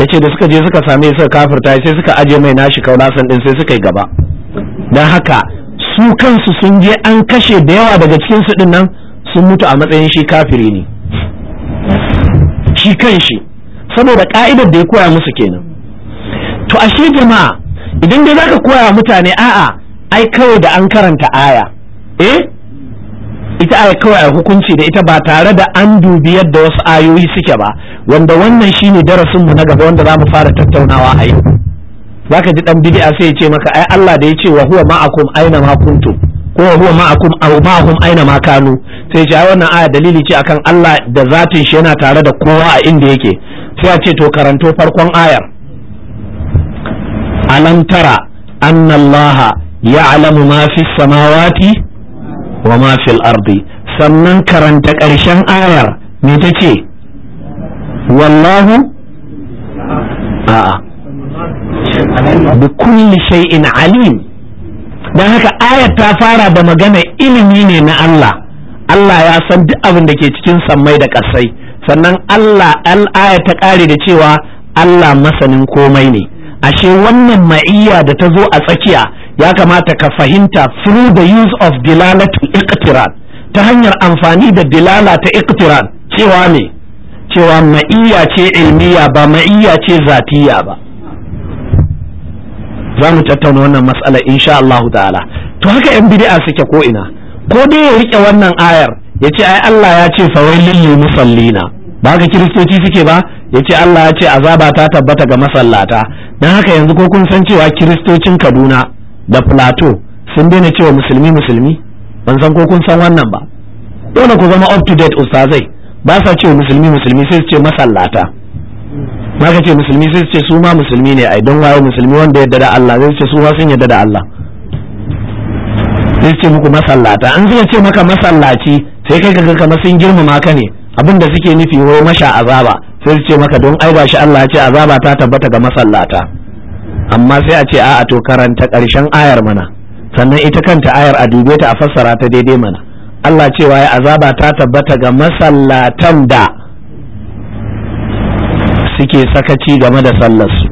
yace da suka je suka same suka kafirta sai suka aje mai nashi san din sai suka yi gaba dan haka su kansu sun je an kashe da yawa daga cikin su din nan sun mutu a matsayin shi kafiri ne shi kanshi saboda ka'idar da ya koya musu kenan to ashe jama'a idan dai zaka koya mutane a'a ai kawai da an karanta aya eh ita ai kawai a hukunci da ita ba tare da an dubi yadda wasu ayoyi suke ba wanda wannan shine darasin mu na gaba wanda za mu fara tattaunawa a yau zaka ji dan bid'a sai ya ce maka ai Allah da ya ce wa huwa ma'akum aina ma kuntum ko wa huwa ma'akum aw ma'akum aina ma kanu sai ce wannan aya dalili ce akan Allah da zatin shi yana tare da kowa a inda yake sai ya ce to karanto farkon ayar alam tara anna allaha ya'lamu ma fi samawati wa ma fil ardi sannan karanta ƙarshen ayar me ta ce wallahu a'a bi kulli shay'in alim dan haka ayar ta fara da magana ilimi ne na Allah Allah ya san duk abin da ke cikin sammai da ƙasai sannan Allah al'aya ta ƙare da cewa Allah masanin komai ne ashe wannan ma'iyya da ta zo a tsakiya ya kamata ka fahimta through the use of dilalatul iqtiran ta hanyar amfani da dilala ta iqtiran cewa ne cewa ma'iyya ce ilmiya ba ma'iyya ce zatiya ba za mu tattauna wannan matsala insha Allah ta'ala to haka yan bid'a suke ko ina ko dai ya rike wannan ayar ya ce ai Allah ya ce fawailil lil musallina ba ga kiristoci suke ba ya ce Allah ya ce azaba ta tabbata ga masallata dan haka yanzu ko kun san cewa kiristocin Kaduna da plateau sun daina cewa musulmi musulmi ban san ko kun san wannan ba dole ku zama up to date ustazai ba sa cewa musulmi musulmi sai su ce masallata ba ka ce musulmi sai su ce su ma musulmi ne ai don wayo musulmi wanda yadda da Allah sai su ce su ma sun yadda da Allah sai su ce muku masallata an zai ce maka masallaci sai kai ga kamar sun girmama ka ne abin da suke nufi wai masha azaba sai su ce maka don ai gashi Allah ya ce azaba ta tabbata ga masallata amma sai a ce a'a to karanta ƙarshen ayar mana sannan ita kanta ayar a dube ta a fassara ta daidai mana Allah cewa ya azaba ta tabbata ga masallatan da suke sakaci game da sallarsu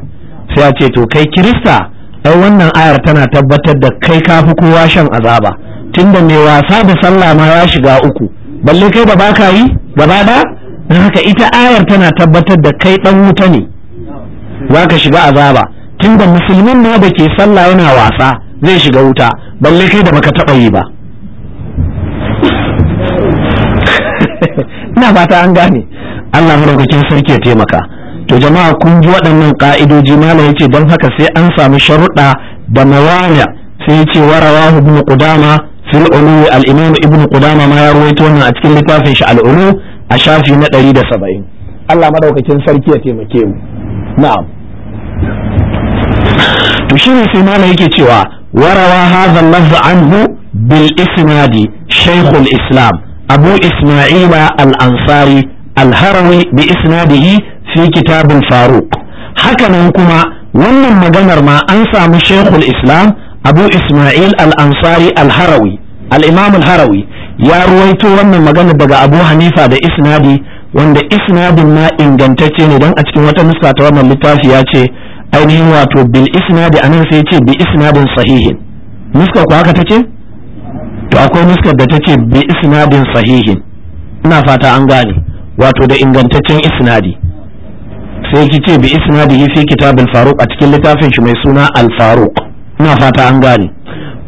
sai a ce to kai kirista ai wannan ayar tana tabbatar da kai kafi kowa shan azaba tunda mai wasa da sallah ma ya shiga uku balle kai ba baka yi gaba da haka ita ayar tana tabbatar da kai dan wuta ne za ka shiga azaba tunda musulmin ne da ke sallah yana wasa zai shiga wuta balle kai da baka taba yi ba ina fata an gane Allah madaukakin sarki ya taimaka to jama'a kun ji waɗannan ka'idoji malam yace don haka sai an samu sharuɗa da mawaya sai yace warawahu ibn qudama fil ulu al imam ibn qudama ma ya rawaito wannan a cikin littafin shi al ulu a shafi na 170 Allah madaukakin sarki ya taimake mu na'am to shine sai mana yake cewa warawa hadha lafz anhu bil isnadi shaykhul islam abu isma'ila al ansari al harawi bi isnadihi fi kitabin al hakanan kuma wannan maganar ma an samu shaykhul islam abu isma'il al ansari al harawi al imam al harawi ya ruwaito wannan magana daga abu hanifa da isnadi wanda isnadin ma ingantacce ne don a cikin wata nuska ta wannan littafi ya ce ainihin wato bil isnadi anan sai ce bi isnadin sahihin nuskar ku haka tace to akwai nuskar da tace bi isnadin sahihin ina fata an gane wato da ingantaccen isnadi sai ki ce bi isnadihi fi kitabul faruq a cikin littafin shi mai suna al faruq ina fata an gane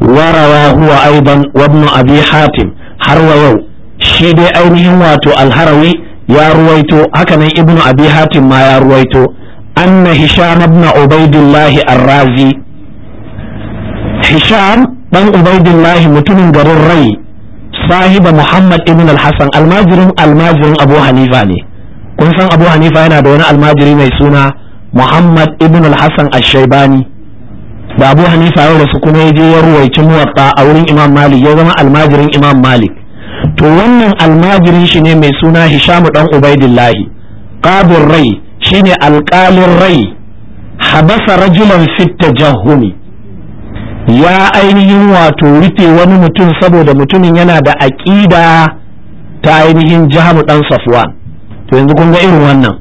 warawa huwa aidan wa ibn abi hatim har wa yau shi dai ainihin wato al harawi ya ruwaito hakanan ibn abi hatim ma ya ruwaito أن هشام بن عبيد الله الرازي هشام بن عبيد الله garin rai Sahiba Muhammad ابن الحسن الماجرم الماجرم أبو حنيفة ne Kunsan san Abu Hanifa yana da wani almajiri mai suna Muhammad ibn al-Hasan da Abu Hanifa yau da su kuma ya je ya ruwaici muwatta a wurin Imam Malik ya zama almajirin Imam Malik to wannan almajirin shi ne mai suna Hisham dan Ubaidillahi qabir rai shine alƙalin rai habasa rajulan fitta jahumi ya ainihin wato rufe wani mutum saboda mutumin yana da aƙida ta ainihin jahamu ɗan safuwa. to yanzu kun ga irin wannan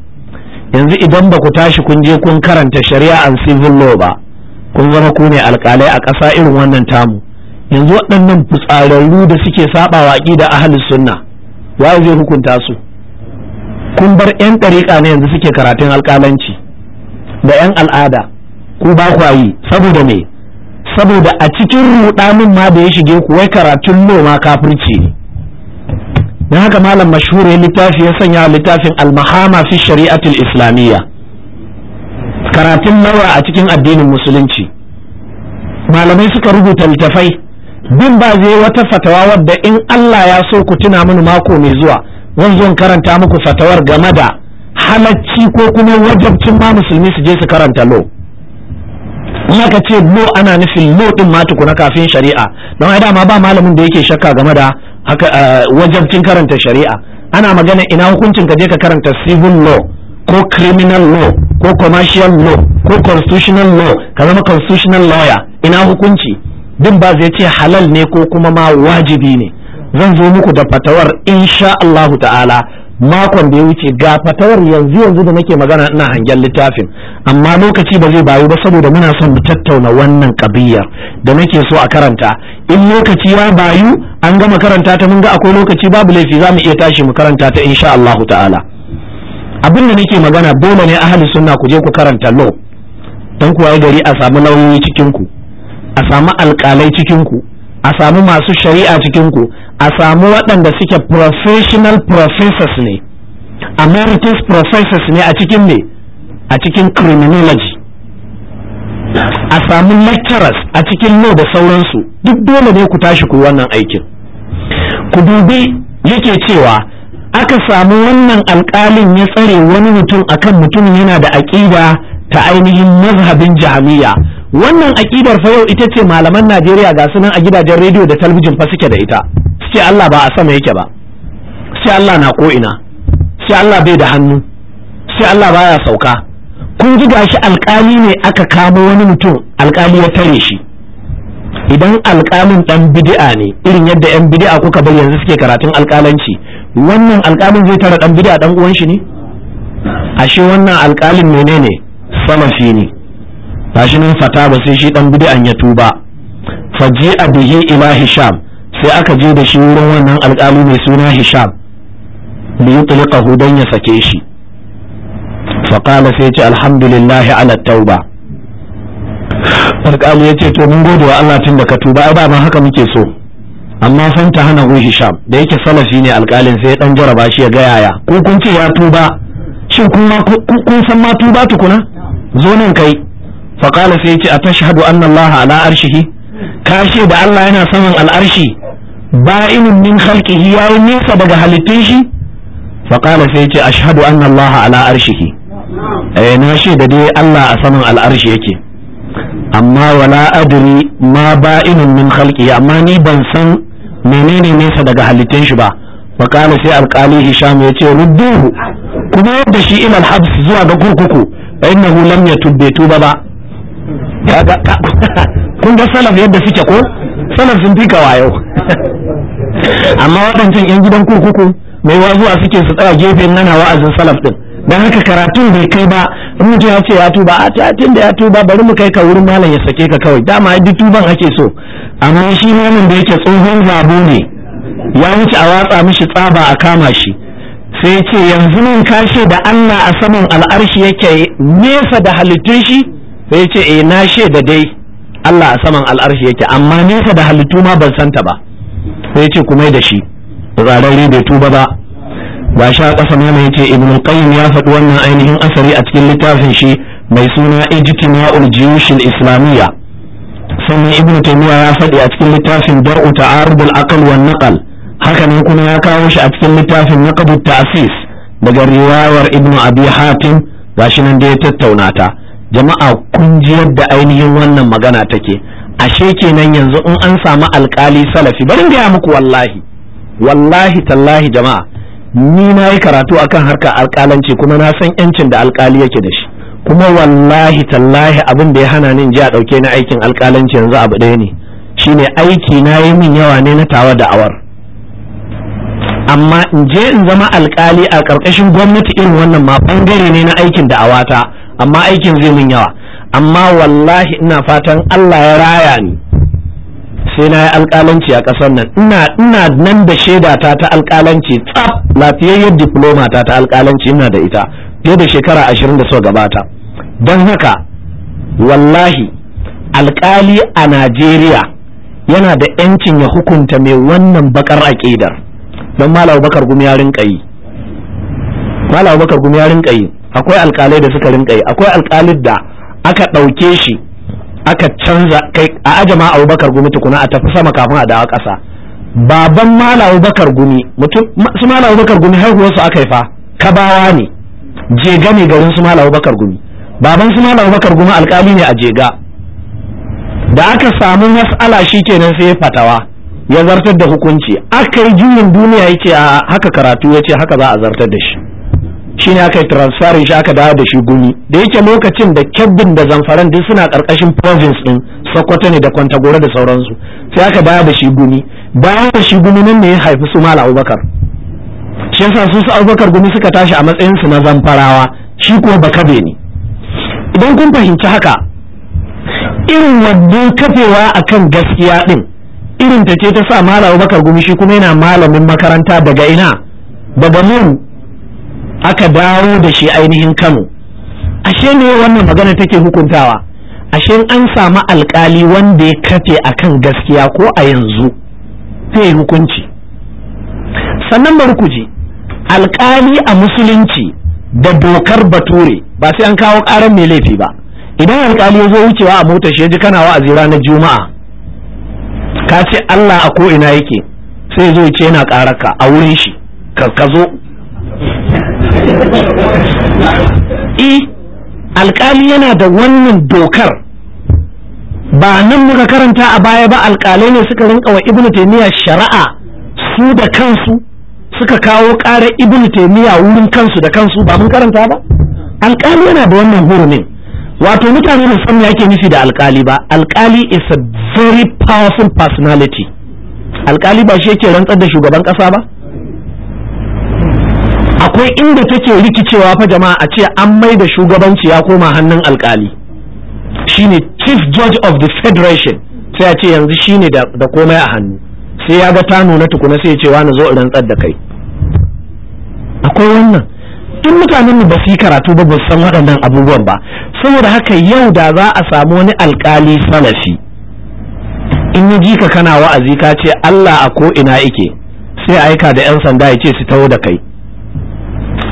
yanzu idan ba ku tashi kun je kun karanta shari'a an civil law ba kun zama ku ne alƙalai a ƙasa irin wannan tamu yanzu waɗannan fitsararru da suke saɓawa aƙida ahalus sunna waye zai hukunta su kun bar yan ɗariƙa ne yanzu suke karatun alƙalanci da yan al'ada ku ba ku yi saboda me saboda a cikin ruɗamin ma da ya shige ku wai karatun noma kafirci ne don haka malam ya littafi ya sanya littafin almahama fi shari'atul islamiyya karatun nawa a cikin addinin musulunci malamai suka rubuta littafai bin ba zai wata fatawa wadda in Allah ya so ku tuna mini mako mai zuwa zan karanta muku fatawar game da halacci ko kuma wajabcin ma musulmi su je su karanta lo in aka ce lo ana nufin lo ɗin ma tukuna kafin shari'a don ai dama ba malamin da yake shakka game da haka eh, wajabcin karanta shari'a ana magana ina hukuncin ka je ka karanta civil law ko criminal law ko commercial law ko constitutional law ka zama constitutional lawyer ina hukunci din ba zai ce halal ne ko kuma ma wajibi ne zan zo muku da fatawar insha Allahu ta'ala makon da ya wuce ga fatawar yanzu yanzu da nake magana ina hangen littafin amma lokaci ba zai bayu ba saboda muna son mu tattauna wannan kabiyar da nake so a karanta in lokaci ya bayu an gama karanta ta mun ga akwai lokaci babu laifi za mu iya tashi mu karanta ta insha Allahu ta'ala abin da nake magana dole ne ahli sunna ku je ku karanta law dan kuwa gari a samu lauyoyi cikin ku a samu alƙalai cikin ku a samu masu shari'a cikinku, ku a samu waɗanda suke professional professors ne emeritus professors ne a cikin ne a cikin criminology a samu lecturers a cikin law da sauransu duk dole ne ku tashi ku wannan aikin ku dubi yake cewa aka samu wannan alƙalin ya tsare wani mutum akan mutum yana da aƙida ta ainihin mazhabin jami'a wannan aƙidar fa yau ita ce malaman Najeriya ga sunan a gidajen rediyo da talbijin fa suke da ita sai Allah ba a sama yake ba sai Allah na ko ina sai Allah bai da hannu sai Allah baya sauka kun ji gashi alƙali ne aka kamo wani mutum alƙali ya tare shi idan alƙalin dan bid'a ne irin yadda yan bid'a kuka bari yanzu suke karatun alƙalanci wannan alƙalin zai tara dan bid'a dan uwan shi ne ashe wannan alƙalin menene salafi ne ba shi nan fata ba sai shi dan an ya tuba faji a bihi ila hisham sai aka je da shi wurin wannan alƙali mai suna hisham bi yutliqa dan ya sake shi faƙala sai ce alhamdulillah ala tauba alƙali ya ce to mun gode wa Allah tun da ka tuba ai ba ma haka muke so amma san ta hana hu hisham da yake salafi ne alƙalin sai dan jaraba shi ya ga yaya ko kun ce ya tuba shin kun san ma tuba tukuna zo nan kai qala sai yace atashhadu anna allaha ala arshihi ka da Allah yana saman al'arshi ba'inun min khalqihi ya yi nisa daga halittun shi faqala sai yace ashhadu anna allaha ala arshihi eh na da dai Allah a saman al'arshi yake amma wala adri ma ba'inun min khalqihi amma ni ban san menene nesa daga halittun shi ba qala sai alqali hisham yace rudduhu kuma yadda shi ila alhabs zuwa ga kurkuku fa innahu lam yatub bai tuba ba kun ga salaf yadda suke ko salaf sun fi wayo amma waɗancan yan gidan kurkuku mai wazuwa suke su tsaya gefen nana wa'azin salaf din dan haka karatun bai kai ba in mutum ya ce ya tuba a tatin da ya tuba bari mu kai ka wurin malam ya sake ka kawai dama duk tuban ake so amma shi malam da yake tsohon zabo ne ya wuce a watsa mishi tsaba a kama shi sai ce yanzu nan kashe da Allah a saman al'arshi yake nesa da halittun shi sai ce eh na da dai Allah a saman al'arshi yake amma nesa da halittu ma ban santa ba sai ce kuma da shi tsararre bai tuba ba ba sha kasa mana yace ibnu qayyim ya faɗi wannan ainihin asari a cikin littafin shi mai suna ijtima'ul jiyush islamiyya sannan ibnu taymiya ya faɗi a cikin littafin dar'u ta'arud al-aql wan naql haka nan kuma ya kawo shi a cikin littafin kabu ta'sis daga riwayar ibnu abi hatim gashi nan da ya tattauna ta jama'a kun ji yadda ainihin wannan magana take ashe kenan yanzu in an samu alkali salafi bari gaya muku wallahi wallahi tallahi jama'a ni na yi karatu akan harkar alkalanci kuma na san yancin da alkali yake da shi kuma wallahi tallahi abin da ya hana ni ji a ɗauke ni aikin alkalanci yanzu abu ɗaya ne shine aiki na yi min yawa ne na tawa da awar amma in je in zama alkali a ƙarƙashin gwamnati irin wannan ma bangare ne na aikin da'awata amma aikin zai mun yawa amma wallahi ina fatan Allah ya raya ni sai na yi alkalanci a ƙasar nan ina ina nan da shaida ta ta alƙalanci tsaf lafiyayyar diploma ta ta alƙalanci ina da ita fiye da shekara ashirin da suka gabata don haka wallahi alƙali a Najeriya yana da 'yancin ya hukunta mai wannan bakar aƙidar don malam bakar gumi ya rinka yi malam bakar gumi ya rinka yi akwai alkalai da suka rinka yi akwai alkalin da aka ɗauke shi aka canza kai a ajama abubakar gumi tukuna a tafi sama kafin a dawo ƙasa baban malam abubakar gumi mutum su malam abubakar gumi su aka yi fa kabawa ne jega ne garin su malam abubakar gumi baban su malam abubakar gumi alkali ne a jega da aka samu mas'ala kenan sai ya fatawa ya zartar da hukunci aka yi juyin duniya ya ce haka karatu ya ce haka za a zartar da shi shi ne aka yi transferin shi aka dawo da shi gumi da yake lokacin da kyabbin da zamfaran duk suna karkashin province din sokoto ne da gore da sauransu sai aka dawo da shi gumi bayan da shi gumi nan ne ya haifi su mala abubakar shi yasa su su abubakar gumi suka tashi a matsayin su na zamfarawa shi kuwa bakabe ne idan kun fahimci haka irin wadda kafewa akan gaskiya din irin ta ce ta sa malam Abubakar Gumi kuma yana malamin makaranta daga ina daga mun aka dawo da shi ainihin Kano ashe ne wannan magana take hukuntawa ashe an samu alkali wanda ya kafe akan gaskiya ko a yanzu sai hukunci sannan bari alkali a musulunci da dokar bature ba sai an kawo karan mai laifi ba idan alkali ya zo wucewa a motar shi ya ji kana wa'azi ranar juma'a ka ce Allah a koina yake sai zo ce yana ƙararka a wurin shi ka zo e alkali yana da wannan dokar ba nan muka karanta a baya ba alkalai ne suka rinka wa ibnu taymiya shari'a su da kansu suka kawo ƙarar ibnu taymiya wurin kansu da kansu ba mun karanta ba alkali yana da wannan hurumin wato mutane da san yake nufi da alkali ba alkali is a very powerful personality alkali ba shi yake rantsar da shugaban kasa ba akwai inda take rikicewa fa jama'a a ce an mai da shugabanci ya koma hannun alkali shine chief judge of the federation sai a ce yanzu shine da komai a hannu sai ya ga ta nuna tukuna sai ya ce wani zo rantsar da kai akwai wannan in mutanen mu ba su yi karatu ba ba san waɗannan abubuwan ba saboda haka yau da za a samu wani alƙali salafi in yi jika kana wa'azi ka ce Allah a ko ina yake sai aika da 'yan sanda ya ce su taho da kai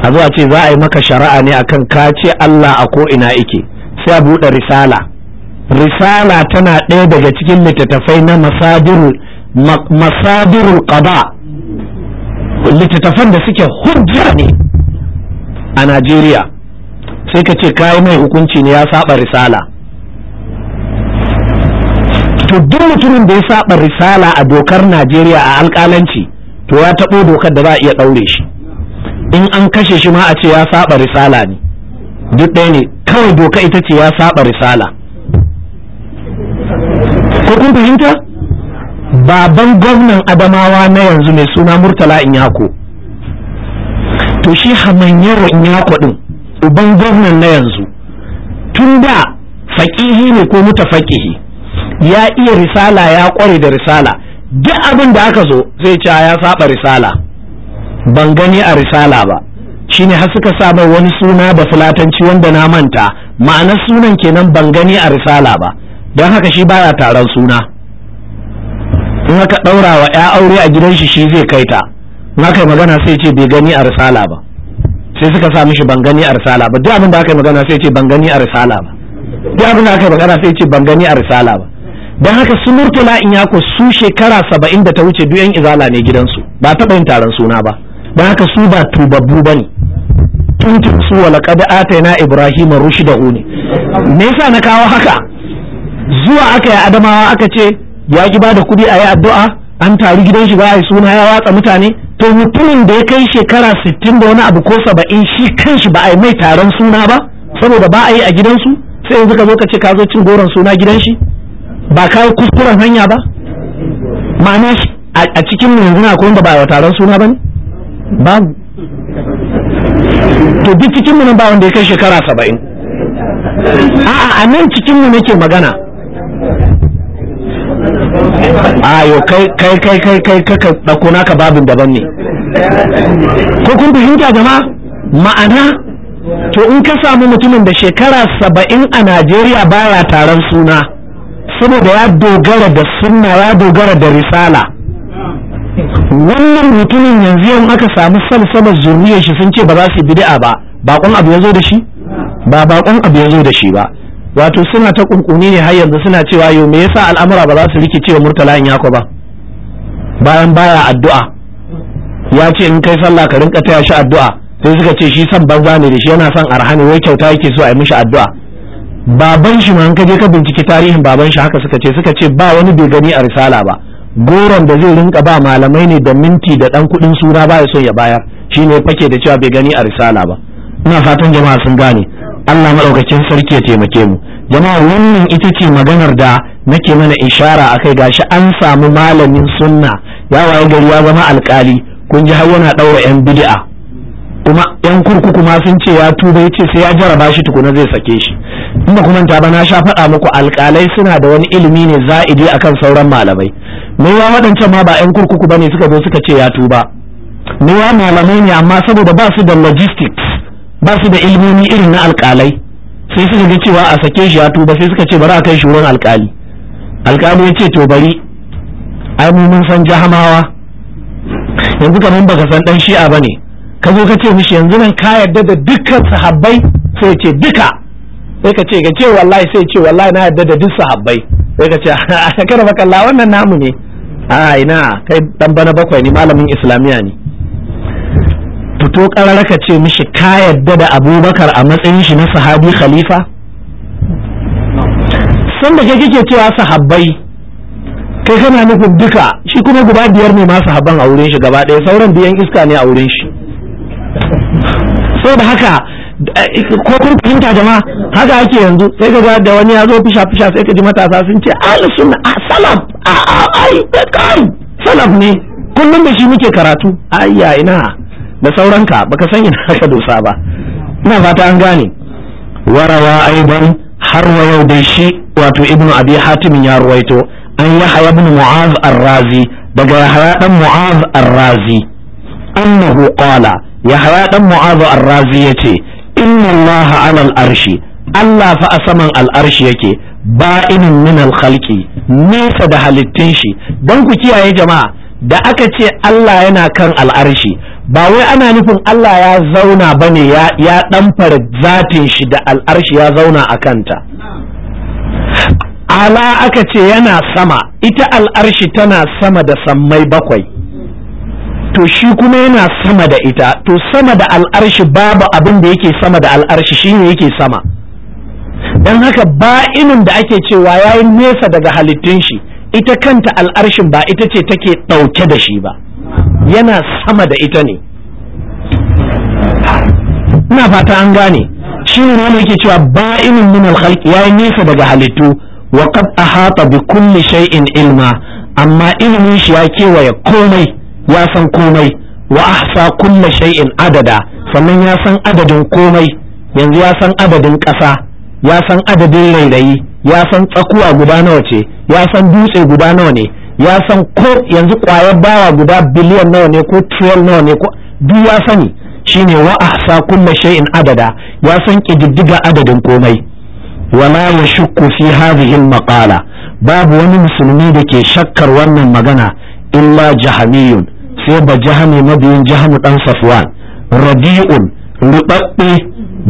a zuwa ce za a yi maka shari'a ne akan ka ce Allah a ko ina yake sai a buɗe risala risala tana ɗaya daga cikin littattafai na masadirul masadirul qada littattafan da suke hujja ne a najeriya sai ka ce kayi mai hukunci ne ya saba risala to duk mutumin da ya saba risala a dokar najeriya a alkalanci to ya taɓo dokar da za a iya ɗaure shi in an kashe shi ma a ce ya saba risala ne duk ɗaya ne kawai doka ita ce ya saba risala ko kun fahimta baban gwamnan adamawa na yanzu mai suna murtala in yako to shi hamanyar ya din uban gwamnan na yanzu tun da faƙihi ne ko mutafaƙihi ya iya risala ya ƙware da risala duk abin da aka zo zai ce ya saba risala ban gani a risala ba shine har suka sa wani suna ba fulatanci wanda na manta ma'ana sunan kenan ban gani a risala ba don haka shi baya taron suna in aka ɗaura wa ya aure a gidan shi shi zai kai ta na kai magana sai ce bai gani a risala ba sai suka sa mishi ban gani a risala ba duk abin da aka yi magana sai ce ban gani a risala ba duk abin da aka yi magana sai ce ban gani a risala ba don haka su murtala in ko su shekara saba'in da ta wuce duk yan izala ne gidansu ba taɓa yin taron suna ba don haka su ba tubabbu ba ne tuntun su wa laƙad ataina ibrahim da ne me yasa na kawo haka zuwa aka yi adamawa aka ce ya ki ba da kuɗi a yi addu'a an taru gidan shi ba a yi suna ya watsa mutane to mutumin da ya kai shekara sittin da wani abu ko saba'in shi kanshi ba a yi mai taron suna ba saboda ba a yi a gidansu sai yanzu ka zo ka ce ka zo cin goron suna gidan shi ba ka kuskuren hanya ba ma'ana a cikin mu yanzu na akwai wanda ba a taron suna ba ne ba to duk cikin mu nan ba wanda ya kai shekara saba'in a'a a nan cikin mu nake magana a yau, kai kai kai kai kai kaka naka babin daban ne ko kun fahimta jama'a ma'ana to in ka samu mutumin da shekara saba'in a Najeriya baya taron suna saboda ya dogara da sunna ya dogara da risala wannan mutumin yanzu yau aka samu salsalar zuriyar shi sun ce ba za su bid'a ba bakon abu ya zo da shi ba bakon abu ya zo da shi ba wato suna ta kunkuni ne har yanzu suna cewa yau me yasa al'amura ba za su rikice wa murtala in yako ba bayan baya addu'a ya ce in kai sallah ka rinka taya shi addu'a sai suka ce shi san banza ne da shi yana son arhani wai kyauta yake so a yi mishi addu'a baban shi ma ka je ka binciki tarihin baban shi haka suka ce suka ce ba wani bai gani a risala ba goron da zai rinka ba malamai ne da minti da dan kudin suna ba ya son ya bayar shine fake da cewa bai gani a risala ba ina fatan jama'a sun gane Allah maɗaukacin sarki ya taimake mu jama'a wannan ita ce maganar da nake mana ishara akai gashi an samu malamin sunna ya waye gari ya zama alkali kun ji har yana ɗaura yan bid'a kuma yan kurkuku ma sun ce ya tuba yace sai ya jaraba shi tukuna zai sake shi in ba kuma ba na sha faɗa muku alkalai suna da wani ilimi ne za'idi akan sauran malamai me ya waɗancan ma ba yan kurkuku bane suka zo suka ce ya tuba me ya malamai ne amma saboda ba su da logistics ba su da ilmomi irin na alƙalai sai suka ga cewa a sake shi ya tuba sai suka ce bari a kai shi wurin alƙali alƙali ya ce to bari ai mu mun san jahamawa yanzu kamar baka san dan shi'a bane ka zo ka ce mishi yanzu nan ka yarda da dukkan sahabbai sai ce duka sai ka ce ka ce wallahi sai ce wallahi na yarda da duk sahabbai sai ka ce kada baka Allah wannan namu ne a ina kai dan bana bakwai ne malamin islamiya ne fito ƙararraka ce mishi ka yadda da abubakar a matsayin shi na sahabi khalifa sanda da kake cewa sahabbai kai kana nufin duka shi kuma guba biyar ne ma sahabban a wurin shi gaba ɗaya sauran biyan iska ne a wurin shi saboda haka ko kun fahimta jama'a haka ake yanzu sai ka da wani ya zo fisha fisha sai ka ji matasa sun ce ai a ah, salaf a ah, ah, ai kai salaf ne kullum da shi muke karatu ai ina da sauranka baka san ina aka dosa ba ina fata an gane warawa aiban har wa yau dai shi wato ibnu abi hatim ya ruwaito an Yahaya ibn mu'az ar-razi daga yahya dan mu'az ar-razi annahu qala yahya dan mu'az ar-razi yace inna allaha 'ala al-arshi Allah fa a saman al'arshi yake ba'inin min al-khalqi nesa da halittun shi don ku kiyaye jama'a da aka ce Allah yana kan al'arshi ba wai ana nufin Allah ya zauna ba ne ya ɗamfar zatin shi da al'arshi ya zauna a kanta ala aka ce yana sama ita al'arshi tana sama da sammai bakwai to shi kuma yana sama da ita to sama da al'arshi babu abin da yake sama da al'arshi shine yake sama don haka ba da ake cewa ya nesa daga halittun shi ita kanta al'arshin ba ita ce take ɗauke da shi ba yana sama da ita ne ina fata an gane shi ne wani yake cewa ba'inin min alkhalqi yayi nesa daga halittu wa qad ahata bi kulli shay'in ilma amma ilimin shi ya kewaye komai ya san komai wa ahsa kulli shay'in adada sannan ya san adadin komai yanzu ya san adadin ƙasa ya san adadin rairayi ya san tsakuwa guda nawa ce ya san dutse guda nawa ne ya san ko yanzu kwayar bawa guda biliyan nawa ne ko triliyan nawa ne ko duk ya sani shine wa ahsa kullu shay'in adada ya san kididdiga adadin komai wala yashukku fi hadhihi maƙala babu wani musulmi da ke shakkar wannan magana illa jahamiyun sai ba jahami mabiyin jahamu dan safwan rabi'un rubabbe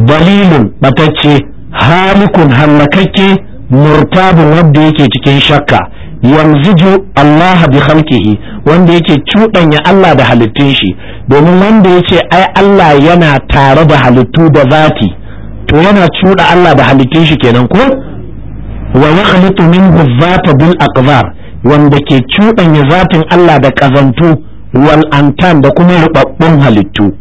dalilun ɓatacce. halikun hallakakke murtabun wanda yake cikin shakka yanzu Allah bi khalqihi wanda yake cuɗanya Allah da halittun shi domin wanda yace ai Allah yana tare da halittu da zati to yana cuɗa Allah da halittun shi kenan ko wa yakhluqu min dhati bil aqdar wanda ke cuɗanya zatin Allah da kazantu wal antan da kuma rubabbun halittu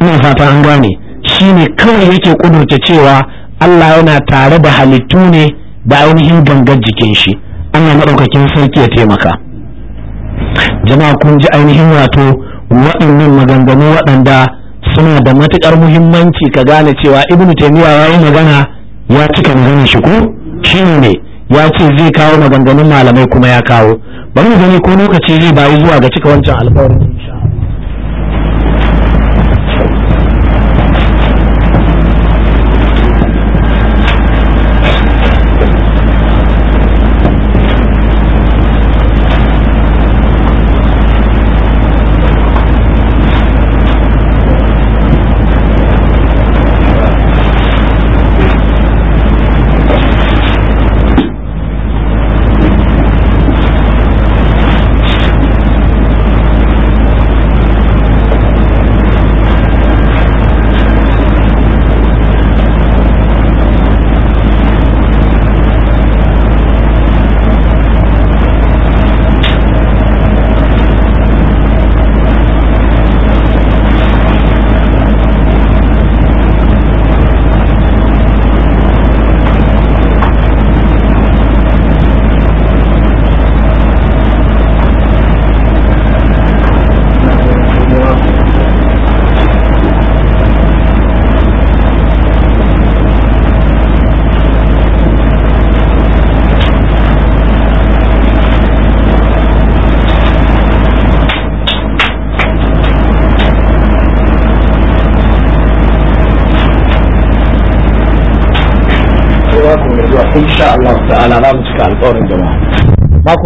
ina fata an gane shine kawai yake kudurta cewa Allah yana tare da halittu ne da ainihin gangar jikin shi Allah maɗaukakin sarki ya taimaka jama'a kun ji ainihin wato waɗannan maganganu waɗanda suna da matuƙar muhimmanci ka gane cewa ibnu taimiyya ya yi magana ya cika magana shi ko shi ne ya ce zai kawo maganganun malamai kuma ya kawo bari gani ko lokaci zai bayi zuwa ga cika wancan alfawarin insha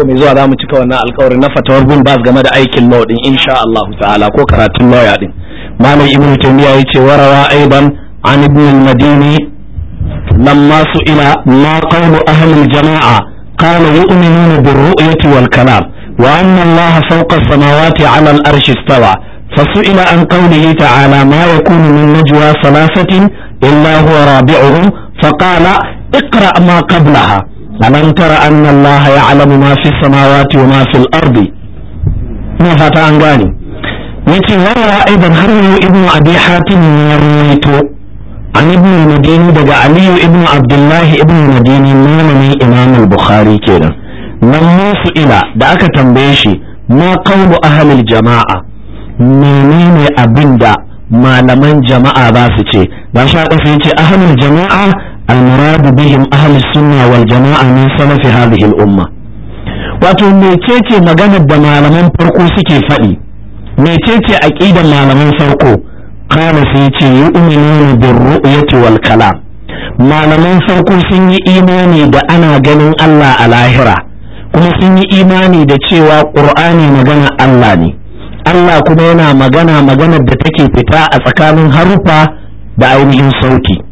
mako mai zuwa za mu cika wannan alkawarin na fatawar bin bas game da aikin law din insha Allah ta'ala ko karatun lawyer din malam ibnu taymiya yace warawa aiban an ibn al-madini lamma ila. ma qawlu ahli al-jama'a qala yu'minuna bir-ru'yati wal-kalam wa anna Allah fawqa as-samawati 'ala al-arsh istawa فسئل عن قوله تعالى ما يكون من نجوى ثلاثة إلا هو رابعهم فقال اقرأ ما قبلها alam tara anna allaha ya'lamu ma fi samawati wa ma ardi ina fata an gane yace warawa aidan har yau ibnu abi hatim ya rawaito an ibnu madini daga aliyu ibnu abdullahi ibnu madini malamin imam al-bukhari kenan nan musu ila da aka tambaye shi ma qawlu ahli jamaa menene abinda malaman jama'a ba su ce ba sha kafa yace ahli jama'a المراد بهم أهل السنة والجماعة من سلف هذه الأمة wato mecece maganar da malaman farko suke faɗi mecece aqidar malaman farko kana sai ce yu'minuna bir ru'yati wal kalam malaman farko sun yi imani da ana ganin Allah a lahira kuma sun yi imani da cewa ƙur'ani magana Allah ne Allah kuma yana magana maganar da take fita a tsakanin harufa da ainihin sauti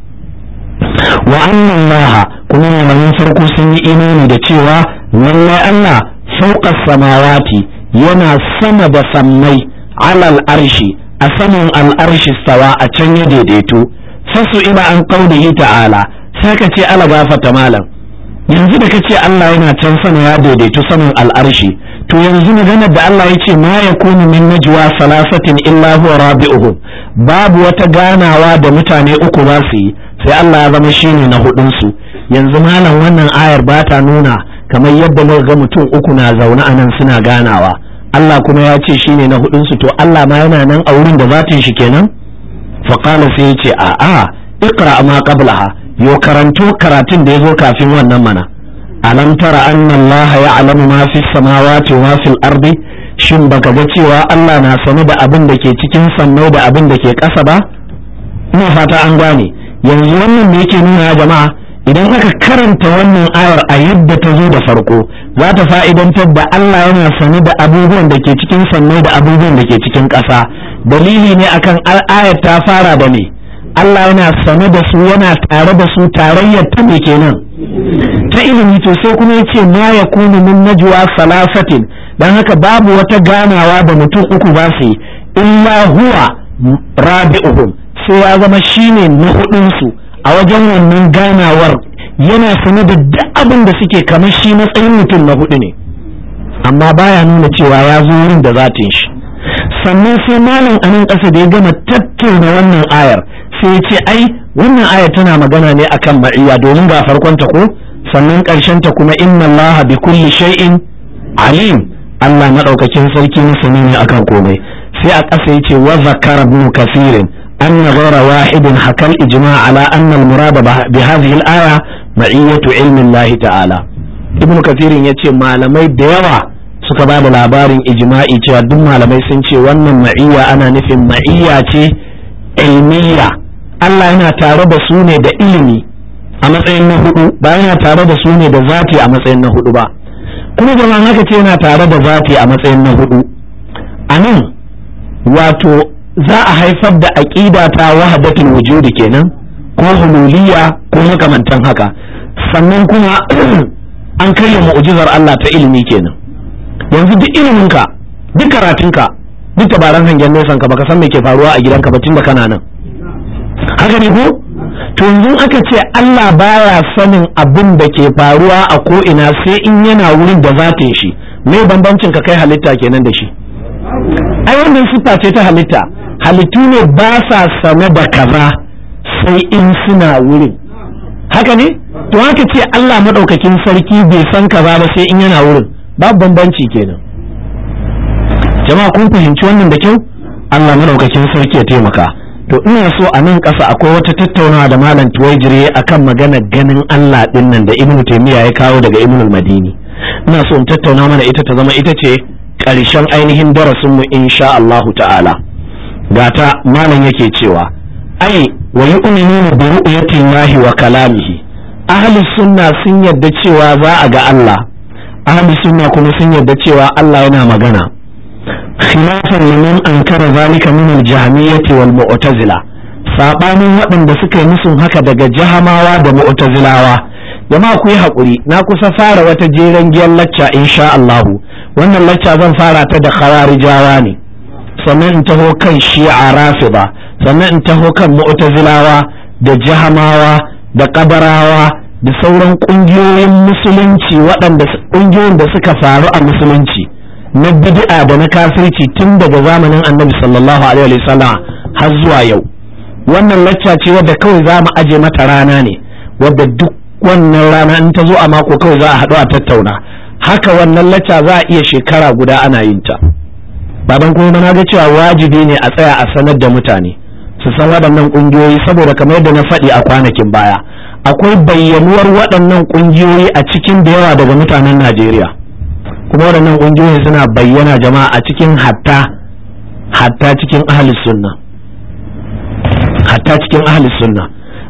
wa annan laha kuma yamanin farko sun yi imani da cewa lallai Allah sauƙar samawati yana sama da sammai alal arshi a saman al'arshi sawa a can ya daidaito fasu ila an ita ta'ala sai ka ce ala gafata malam yanzu da kace Allah yana can sama ya daidaitu saman al'arshi to yanzu maganar da Allah ya ce ma kunu min najwa salasatin illa huwa rabi'uhum babu wata ganawa da mutane uku ba su yi sai Allah ya zama shine na hudun su yanzu malam wannan ayar ba ta nuna kamar yadda muka ga mutum uku na zaune a nan suna ganawa Allah kuma ya ce shine na hudun to Allah ma yana nan a wurin da zatin shi kenan qala sai ya ce a'a iqra ma qablaha yo karanto karatun da ya zo kafin wannan mana alam tara anna allaha ya'lamu ma fi samawati wa ardi shin baka ga cewa Allah na sanu da abin da ke cikin sannau da abin da ke ƙasa ba ina fata an gane yanzu wannan da yake nuna jama'a idan aka karanta wannan ayar a yadda ta zo da farko za ta fa'idantar da Allah yana sani da abubuwan da ke cikin sannu da abubuwan da ke cikin ƙasa dalili ne akan ayar ta fara da ne Allah yana sane da su yana tare da su tarayyar ta ne kenan ta ilimi to sai kuma yace ma kunu min najwa salasatin dan haka babu wata ganawa da mutum uku ba su illa huwa rabi'uhum sai ya zama shine na hudun su a wajen wannan ganawar yana sane da duk abin da suke kamar shi matsayin mutum na hudu ne amma baya nuna cewa ya zo wurin da zatin shi sannan sai malam nan ƙasa da ya gama tattauna wannan ayar sai ya ce ai wannan ayar tana magana ne akan ma'iya domin ga farkon ta ko sannan ƙarshen ta kuma inna Allah bi kulli shay'in alim Allah madaukakin sarki sanin ne akan komai sai a ƙasa yace wa zakara ibn kasirin أن غير ala anna al على bi hadhihi al aya ma'iyatu ta'ala. Allah ta'ala ابن كثير yace malamai da yawa suka ba da labarin ijma'i cewa duk malamai sun ce wannan ma'iya ana nufin ma'iyya ce ilmiya Allah yana tare da su ne da ilimi a matsayin na hudu ba yana tare da su ne da zati a matsayin na hudu ba kuma ba haka ce yana tare da zati a matsayin na hudu a nan wato za a haifar da aƙida ta wahdatul wujudi kenan ko hululiya ko makamantan haka sannan kuma an karya mu'jizar Allah ta ilimi kenan yanzu duk iliminka duk karatunka duk tabaran hangen nesan ka baka san me ke faruwa a gidanka ba tun da kana nan haka ne ko to yanzu aka ce Allah baya sanin abin da ke faruwa a ko ina sai in yana wurin da zatin shi me bambancin ka kai halitta kenan da shi ai wannan sifa ce ta halitta halittu ne ba sa sane da kaza sai in suna wurin haka ne to haka ce Allah madaukakin sarki bai san kaza ba sai in yana wurin babu bambanci kenan jama'a kun fahimci wannan da kyau Allah madaukakin sarki ya taimaka to ina so a nan ƙasa akwai wata tattaunawa da malam tuwajiri akan magana ganin Allah din nan da Ibn Taymiyyah ya kawo daga Ibn Madini ina so in tattauna mana ita ta zama ita ce ƙarshen ainihin darasin mu insha Allah ta'ala gata malam yake cewa ai wa yu'minu bi ru'yati wa kalamihi ahlus sunna sun yadda cewa za a ga Allah ahli sunna kuma sun yarda cewa Allah yana magana khilafan liman ankara zalika min al-jahmiyyah wal mu'tazila sabanin waɗanda suka yi musu haka daga jahamawa da mu'tazilawa jama'a ku yi hakuri na kusa fara wata jeren giyan lacca insha Allah wannan lacca zan fara ta da kharijawa ne sannan in taho kan shi'a rafida sannan in taho kan mu'tazilawa da jahamawa da ƙabarawa da sauran ƙungiyoyin musulunci waɗanda ƙungiyoyin da suka faru a musulunci na bid'a da na kafirci tun daga zamanin annabi sallallahu alaihi wa sallam har zuwa yau wannan lacca ce wadda kawai za mu aje mata rana ne wadda duk wannan rana in ta zo a mako kawai za a haɗu a tattauna haka wannan lacca za a iya shekara guda ana yin ta baban kuma na ga cewa wajibi ne a tsaya a sanar da mutane su san waɗannan ƙungiyoyi saboda kamar yadda na faɗi a kwanakin baya akwai bayyanuwar waɗannan ƙungiyoyi a cikin da yawa daga mutanen najeriya kuma waɗannan ƙungiyoyi suna bayyana jama'a a cikin hatta hatta cikin ahli sunna hatta cikin ahli sunna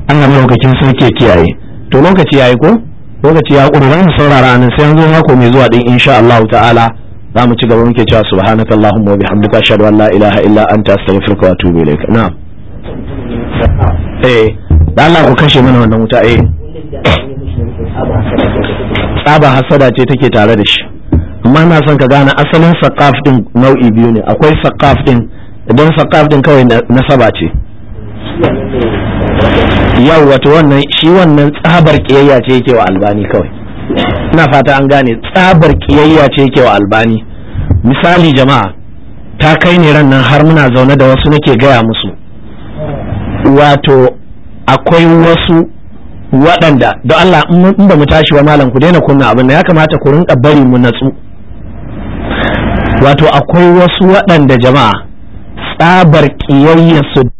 an gama lokacin ke kiyaye to lokaci yayi ko lokaci ya ƙuri, mu saurara nan sai an zo mako mai zuwa din insha Allah ta'ala za mu ci gaba muke cewa allahumma wa bihamdika ashhadu an la ilaha illa anta astaghfiruka wa atubu ilaik na'am eh da Allah ku kashe mana wannan wuta eh tsaba hasada ce take tare da shi amma na son ka gane asalin saqaf din nau'i biyu ne akwai saqaf din idan saqaf din kawai nasaba ce yau wato wannan shi wannan tsabar kiyayya ce yake wa albani kawai ina fata an gane tsabar kiyayya ce yake wa albani misali jama'a ta kai ne ran nan har muna zaune da wasu nake gaya musu wato akwai wasu waɗanda don Allah in ba mu tashi wa malam ku daina kunna abin da ya kamata ku rinka bari mu natsu wato akwai wasu waɗanda jama'a tsabar su